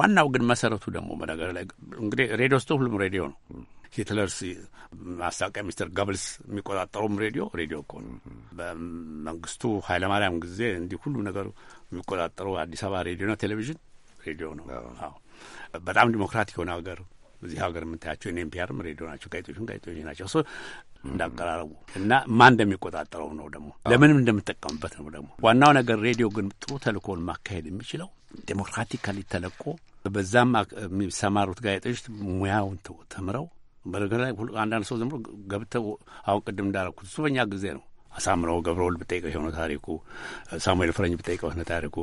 ዋናው ግን መሰረቱ ደግሞ በነገር ላይ እንግዲህ ሬዲዮ ስቶ ሁሉም ሬዲዮ ነው ሂትለርስ ማስታወቂያ ሚስተር ገብልስ የሚቆጣጠሩም ሬዲዮ ሬዲዮ እኮ ነው። በመንግስቱ ኃይለማርያም ጊዜ እንዲህ ሁሉ ነገር የሚቆጣጠረው አዲስ አበባ ነው፣ ቴሌቪዥን ሬዲዮ ነው። አዎ በጣም ዲሞክራቲክ የሆነ ሀገር እዚህ ሀገር የምታያቸው ኤንፒአርም ሬዲዮ ናቸው። ጋዜጦችም ጋዜጦች ናቸው። እንዳቀራረቡ እና ማን እንደሚቆጣጠረው ነው ደግሞ ለምንም እንደምጠቀምበት ነው ደግሞ ዋናው ነገር። ሬዲዮ ግን ጥሩ ተልእኮውን ማካሄድ የሚችለው ዴሞክራቲካሊ ተለቆ በዛም የሚሰማሩት ጋዜጦች ሙያውን ተምረው በነገር ላይ አንዳንድ ሰው ዘምሮ ብሎ ገብተው አሁን ቅድም እንዳረኩት እሱ በእኛ ጊዜ ነው። አሳምነው ገብረውል ብጠይቀው የሆነ ታሪኩ፣ ሳሙኤል ፍረኝ ብጠይቀው የሆነ ታሪኩ፣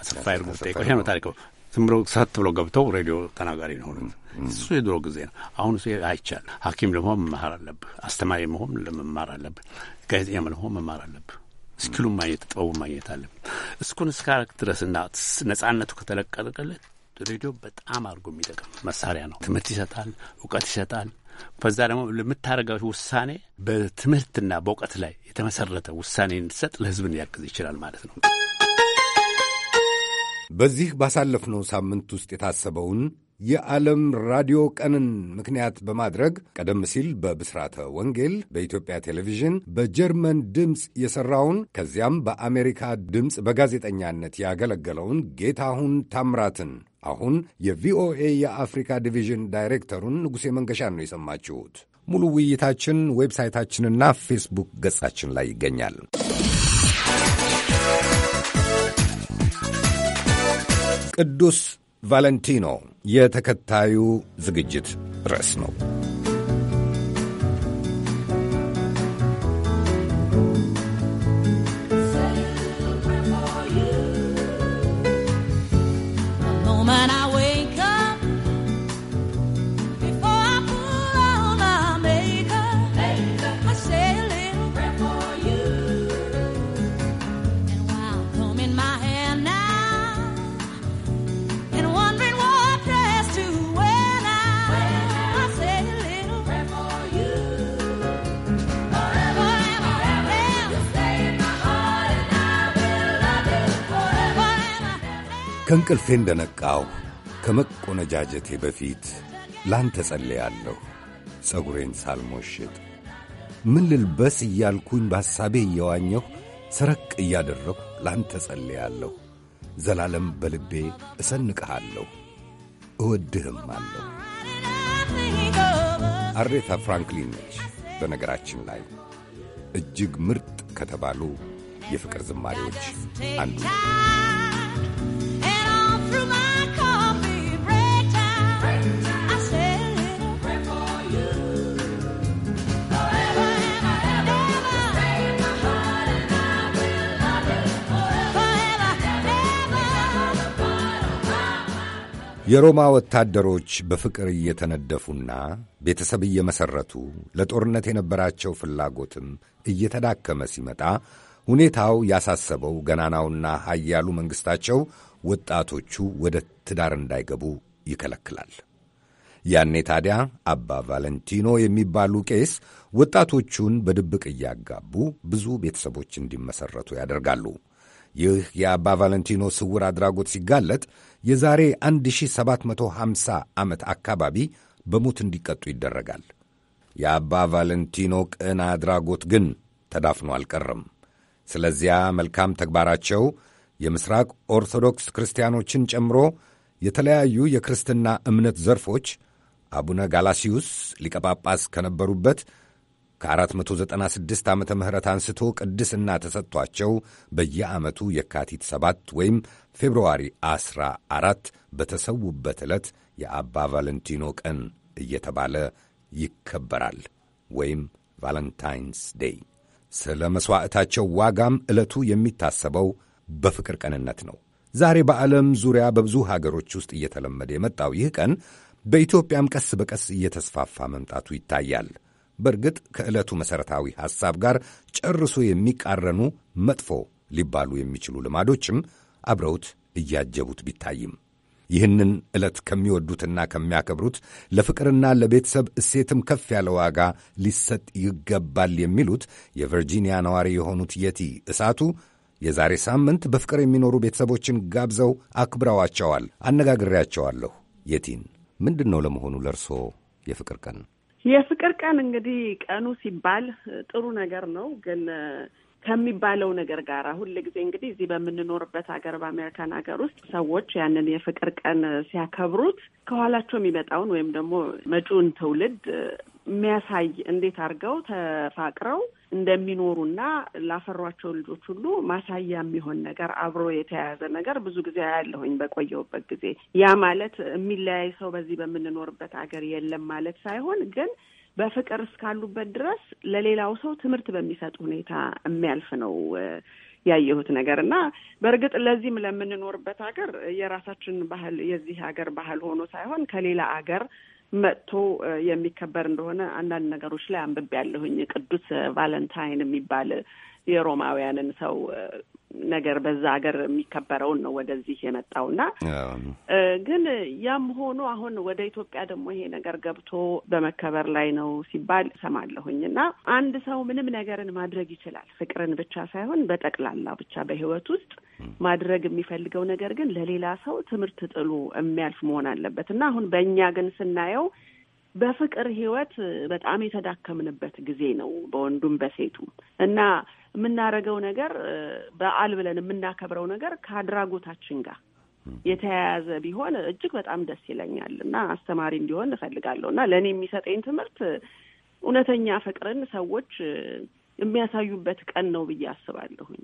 አሰፋ ይርጉ ብጠይቀው የሆነ ታሪኩ ዝም ብሎ ሰት ብሎ ገብተው ሬዲዮ ተናጋሪ ነው ሆኑት። እሱ የድሮ ጊዜ ነው። አሁን እሱ አይቻል። ሐኪም ለመሆን መማር አለብህ። አስተማሪ መሆን ለመማር አለብህ። ጋዜጠኛ ለመሆን መማር አለብህ። እስኪሉን ማግኘት ጥበቡ ማግኘት አለብ። እስኩን እስካረክ ድረስና ነጻነቱ ከተለቀቀለት ሬዲዮ በጣም አድርጎ የሚጠቅም መሳሪያ ነው። ትምህርት ይሰጣል፣ እውቀት ይሰጣል፣ ከዛ ደግሞ ለምታደርገው ውሳኔ በትምህርትና በእውቀት ላይ የተመሰረተ ውሳኔ እንድሰጥ ለህዝብን ሊያግዝ ይችላል ማለት ነው። በዚህ ባሳለፍነው ሳምንት ውስጥ የታሰበውን የዓለም ራዲዮ ቀንን ምክንያት በማድረግ ቀደም ሲል በብስራተ ወንጌል በኢትዮጵያ ቴሌቪዥን በጀርመን ድምፅ የሠራውን ከዚያም በአሜሪካ ድምፅ በጋዜጠኛነት ያገለገለውን ጌታሁን ታምራትን አሁን የቪኦኤ የአፍሪካ ዲቪዥን ዳይሬክተሩን ንጉሴ መንገሻን ነው የሰማችሁት። ሙሉ ውይይታችን ዌብሳይታችንና ፌስቡክ ገጻችን ላይ ይገኛል። ቅዱስ ቫለንቲኖ የተከታዩ ዝግጅት ርዕስ ነው። ከእንቅልፌ እንደነቃሁ ከመቆነጃጀቴ በፊት ላንተ ጸልያለሁ። ጸጉሬን ሳልሞሽጥ ምን ልልበስ እያልኩኝ በሐሳቤ እየዋኘሁ ሰረቅ እያደረሁ ላንተ ጸልያለሁ። ዘላለም በልቤ እሰንቅሃለሁ፣ እወድህም አለሁ። አሬታ ፍራንክሊን ነች። በነገራችን ላይ እጅግ ምርጥ ከተባሉ የፍቅር ዝማሬዎች አንዱ የሮማ ወታደሮች በፍቅር እየተነደፉና ቤተሰብ እየመሠረቱ ለጦርነት የነበራቸው ፍላጎትም እየተዳከመ ሲመጣ ሁኔታው ያሳሰበው ገናናውና ኃያሉ መንግሥታቸው ወጣቶቹ ወደ ትዳር እንዳይገቡ ይከለክላል። ያኔ ታዲያ አባ ቫለንቲኖ የሚባሉ ቄስ ወጣቶቹን በድብቅ እያጋቡ ብዙ ቤተሰቦች እንዲመሠረቱ ያደርጋሉ። ይህ የአባ ቫለንቲኖ ስውር አድራጎት ሲጋለጥ የዛሬ 1750 ዓመት አካባቢ በሞት እንዲቀጡ ይደረጋል። የአባ ቫለንቲኖ ቅን አድራጎት ግን ተዳፍኖ አልቀርም። ስለዚያ መልካም ተግባራቸው የምስራቅ ኦርቶዶክስ ክርስቲያኖችን ጨምሮ የተለያዩ የክርስትና እምነት ዘርፎች አቡነ ጋላሲዩስ ሊቀ ጳጳስ ከነበሩበት ከ496 ዓመተ ምሕረት አንስቶ ቅድስና ተሰጥቷቸው በየዓመቱ የካቲት 7 ወይም ፌብርዋሪ 14 በተሰዉበት ዕለት የአባ ቫለንቲኖ ቀን እየተባለ ይከበራል ወይም ቫለንታይንስ ዴይ። ስለ መሥዋዕታቸው ዋጋም ዕለቱ የሚታሰበው በፍቅር ቀንነት ነው። ዛሬ በዓለም ዙሪያ በብዙ ሀገሮች ውስጥ እየተለመደ የመጣው ይህ ቀን በኢትዮጵያም ቀስ በቀስ እየተስፋፋ መምጣቱ ይታያል። በእርግጥ ከዕለቱ መሠረታዊ ሐሳብ ጋር ጨርሶ የሚቃረኑ መጥፎ ሊባሉ የሚችሉ ልማዶችም አብረውት እያጀቡት ቢታይም ይህንን ዕለት ከሚወዱትና ከሚያከብሩት ለፍቅርና ለቤተሰብ እሴትም ከፍ ያለ ዋጋ ሊሰጥ ይገባል የሚሉት የቨርጂኒያ ነዋሪ የሆኑት የቲ እሳቱ የዛሬ ሳምንት በፍቅር የሚኖሩ ቤተሰቦችን ጋብዘው አክብረዋቸዋል። አነጋግሬያቸዋለሁ። የቲን ምንድን ነው ለመሆኑ ለእርሶ የፍቅር ቀን? የፍቅር ቀን እንግዲህ ቀኑ ሲባል ጥሩ ነገር ነው፣ ግን ከሚባለው ነገር ጋር ሁል ጊዜ እንግዲህ እዚህ በምንኖርበት ሀገር በአሜሪካን ሀገር ውስጥ ሰዎች ያንን የፍቅር ቀን ሲያከብሩት ከኋላቸው የሚመጣውን ወይም ደግሞ መጪውን ትውልድ የሚያሳይ እንዴት አድርገው ተፋቅረው እንደሚኖሩና ላፈሯቸው ልጆች ሁሉ ማሳያ የሚሆን ነገር አብሮ የተያያዘ ነገር ብዙ ጊዜ ያለሁኝ በቆየሁበት ጊዜ ያ ማለት የሚለያይ ሰው በዚህ በምንኖርበት ሀገር የለም ማለት ሳይሆን ግን በፍቅር እስካሉበት ድረስ ለሌላው ሰው ትምህርት በሚሰጥ ሁኔታ የሚያልፍ ነው ያየሁት ነገር እና በእርግጥ ለዚህም ለምንኖርበት ሀገር የራሳችን ባህል የዚህ ሀገር ባህል ሆኖ ሳይሆን ከሌላ ሀገር መጥቶ የሚከበር እንደሆነ አንዳንድ ነገሮች ላይ አንብቤ ያለሁኝ ቅዱስ ቫለንታይን የሚባል የሮማውያንን ሰው ነገር በዛ ሀገር የሚከበረውን ነው ወደዚህ የመጣው እና ግን ያም ሆኖ አሁን ወደ ኢትዮጵያ ደግሞ ይሄ ነገር ገብቶ በመከበር ላይ ነው ሲባል ሰማለሁኝ እና አንድ ሰው ምንም ነገርን ማድረግ ይችላል። ፍቅርን ብቻ ሳይሆን በጠቅላላ ብቻ በህይወት ውስጥ ማድረግ የሚፈልገው ነገር ግን ለሌላ ሰው ትምህርት ጥሉ የሚያልፍ መሆን አለበት እና አሁን በእኛ ግን ስናየው በፍቅር ህይወት በጣም የተዳከምንበት ጊዜ ነው በወንዱም በሴቱም እና የምናደርገው ነገር በዓል ብለን የምናከብረው ነገር ከአድራጎታችን ጋር የተያያዘ ቢሆን እጅግ በጣም ደስ ይለኛል እና አስተማሪ እንዲሆን እፈልጋለሁ እና ለእኔ የሚሰጠኝ ትምህርት እውነተኛ ፍቅርን ሰዎች የሚያሳዩበት ቀን ነው ብዬ አስባለሁኝ።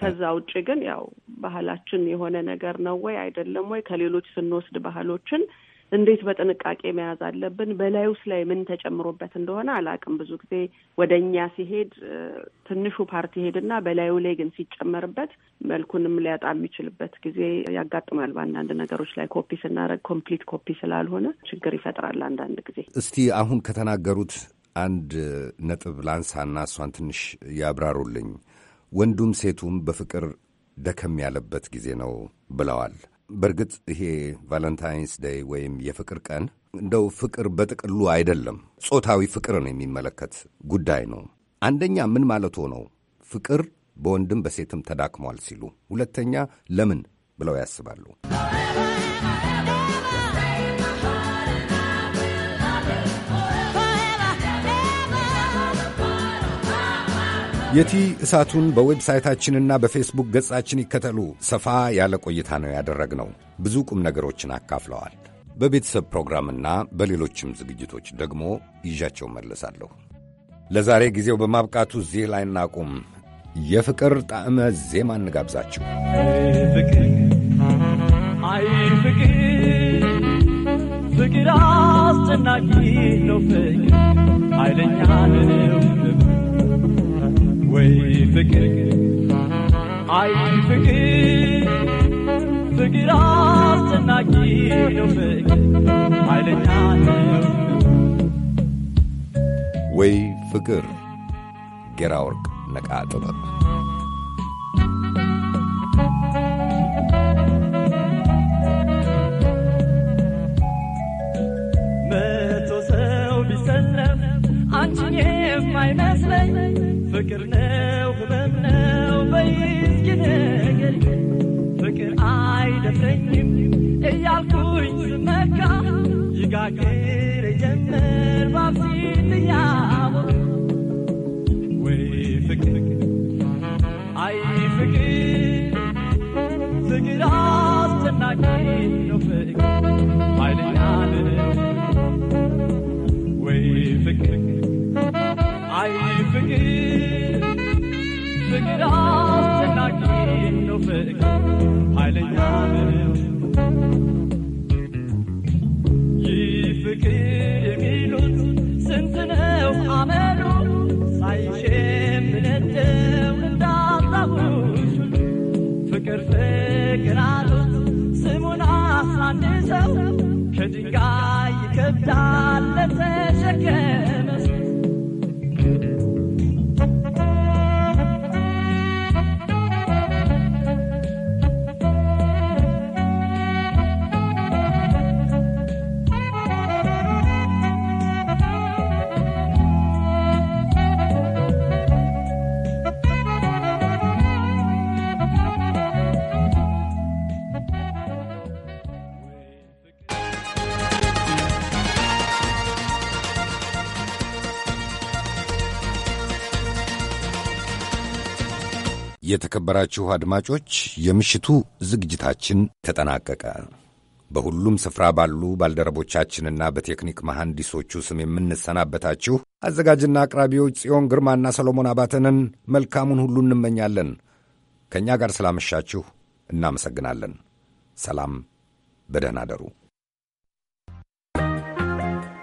ከዛ ውጭ ግን ያው ባህላችን የሆነ ነገር ነው ወይ አይደለም ወይ ከሌሎች ስንወስድ ባህሎችን እንዴት በጥንቃቄ መያዝ አለብን። በላዩስ ላይ ምን ተጨምሮበት እንደሆነ አላውቅም። ብዙ ጊዜ ወደ እኛ ሲሄድ ትንሹ ፓርቲ ሄድና በላዩ ላይ ግን ሲጨመርበት መልኩንም ሊያጣ የሚችልበት ጊዜ ያጋጥማል። በአንዳንድ ነገሮች ላይ ኮፒ ስናደርግ ኮምፕሊት ኮፒ ስላልሆነ ችግር ይፈጥራል አንዳንድ ጊዜ። እስቲ አሁን ከተናገሩት አንድ ነጥብ ላንሳና እሷን ትንሽ ያብራሩልኝ። ወንዱም ሴቱም በፍቅር ደከም ያለበት ጊዜ ነው ብለዋል። በእርግጥ ይሄ ቫለንታይንስ ዴይ ወይም የፍቅር ቀን እንደው ፍቅር በጥቅሉ አይደለም፣ ጾታዊ ፍቅርን የሚመለከት ጉዳይ ነው። አንደኛ ምን ማለት ነው ፍቅር በወንድም በሴትም ተዳክሟል ሲሉ፣ ሁለተኛ ለምን ብለው ያስባሉ? የቲ እሳቱን በዌብሳይታችንና በፌስቡክ ገጻችን ይከተሉ። ሰፋ ያለ ቆይታ ነው ያደረግነው። ብዙ ቁም ነገሮችን አካፍለዋል። በቤተሰብ ፕሮግራምና በሌሎችም ዝግጅቶች ደግሞ ይዣቸው መለሳለሁ። ለዛሬ ጊዜው በማብቃቱ እዚህ ላይ እናቁም። የፍቅር ጣዕመ ዜማ እንጋብዛችሁ። ፍቅር አስጨናቂ ነው። ፍቅር ኃይለኛ ነው። ወይ ፍቅር አይ ፍቅር ፍቅር አስጨናቂ ነው ፍቅር ኃይለኛ ነው ወይ ፍቅር ጌራ ወርቅ ነቃ ጥበብ መቶ ሰው ቢሰለፍ አንቺን የማይመስለኝ ፍቅርነው ህመምነው በይዝግነ message again. የተከበራችሁ አድማጮች፣ የምሽቱ ዝግጅታችን ተጠናቀቀ። በሁሉም ስፍራ ባሉ ባልደረቦቻችንና በቴክኒክ መሐንዲሶቹ ስም የምንሰናበታችሁ አዘጋጅና አቅራቢዎች ጽዮን ግርማና ሰሎሞን አባተንን መልካሙን ሁሉ እንመኛለን። ከእኛ ጋር ስላመሻችሁ እናመሰግናለን። ሰላም፣ በደህና አደሩ።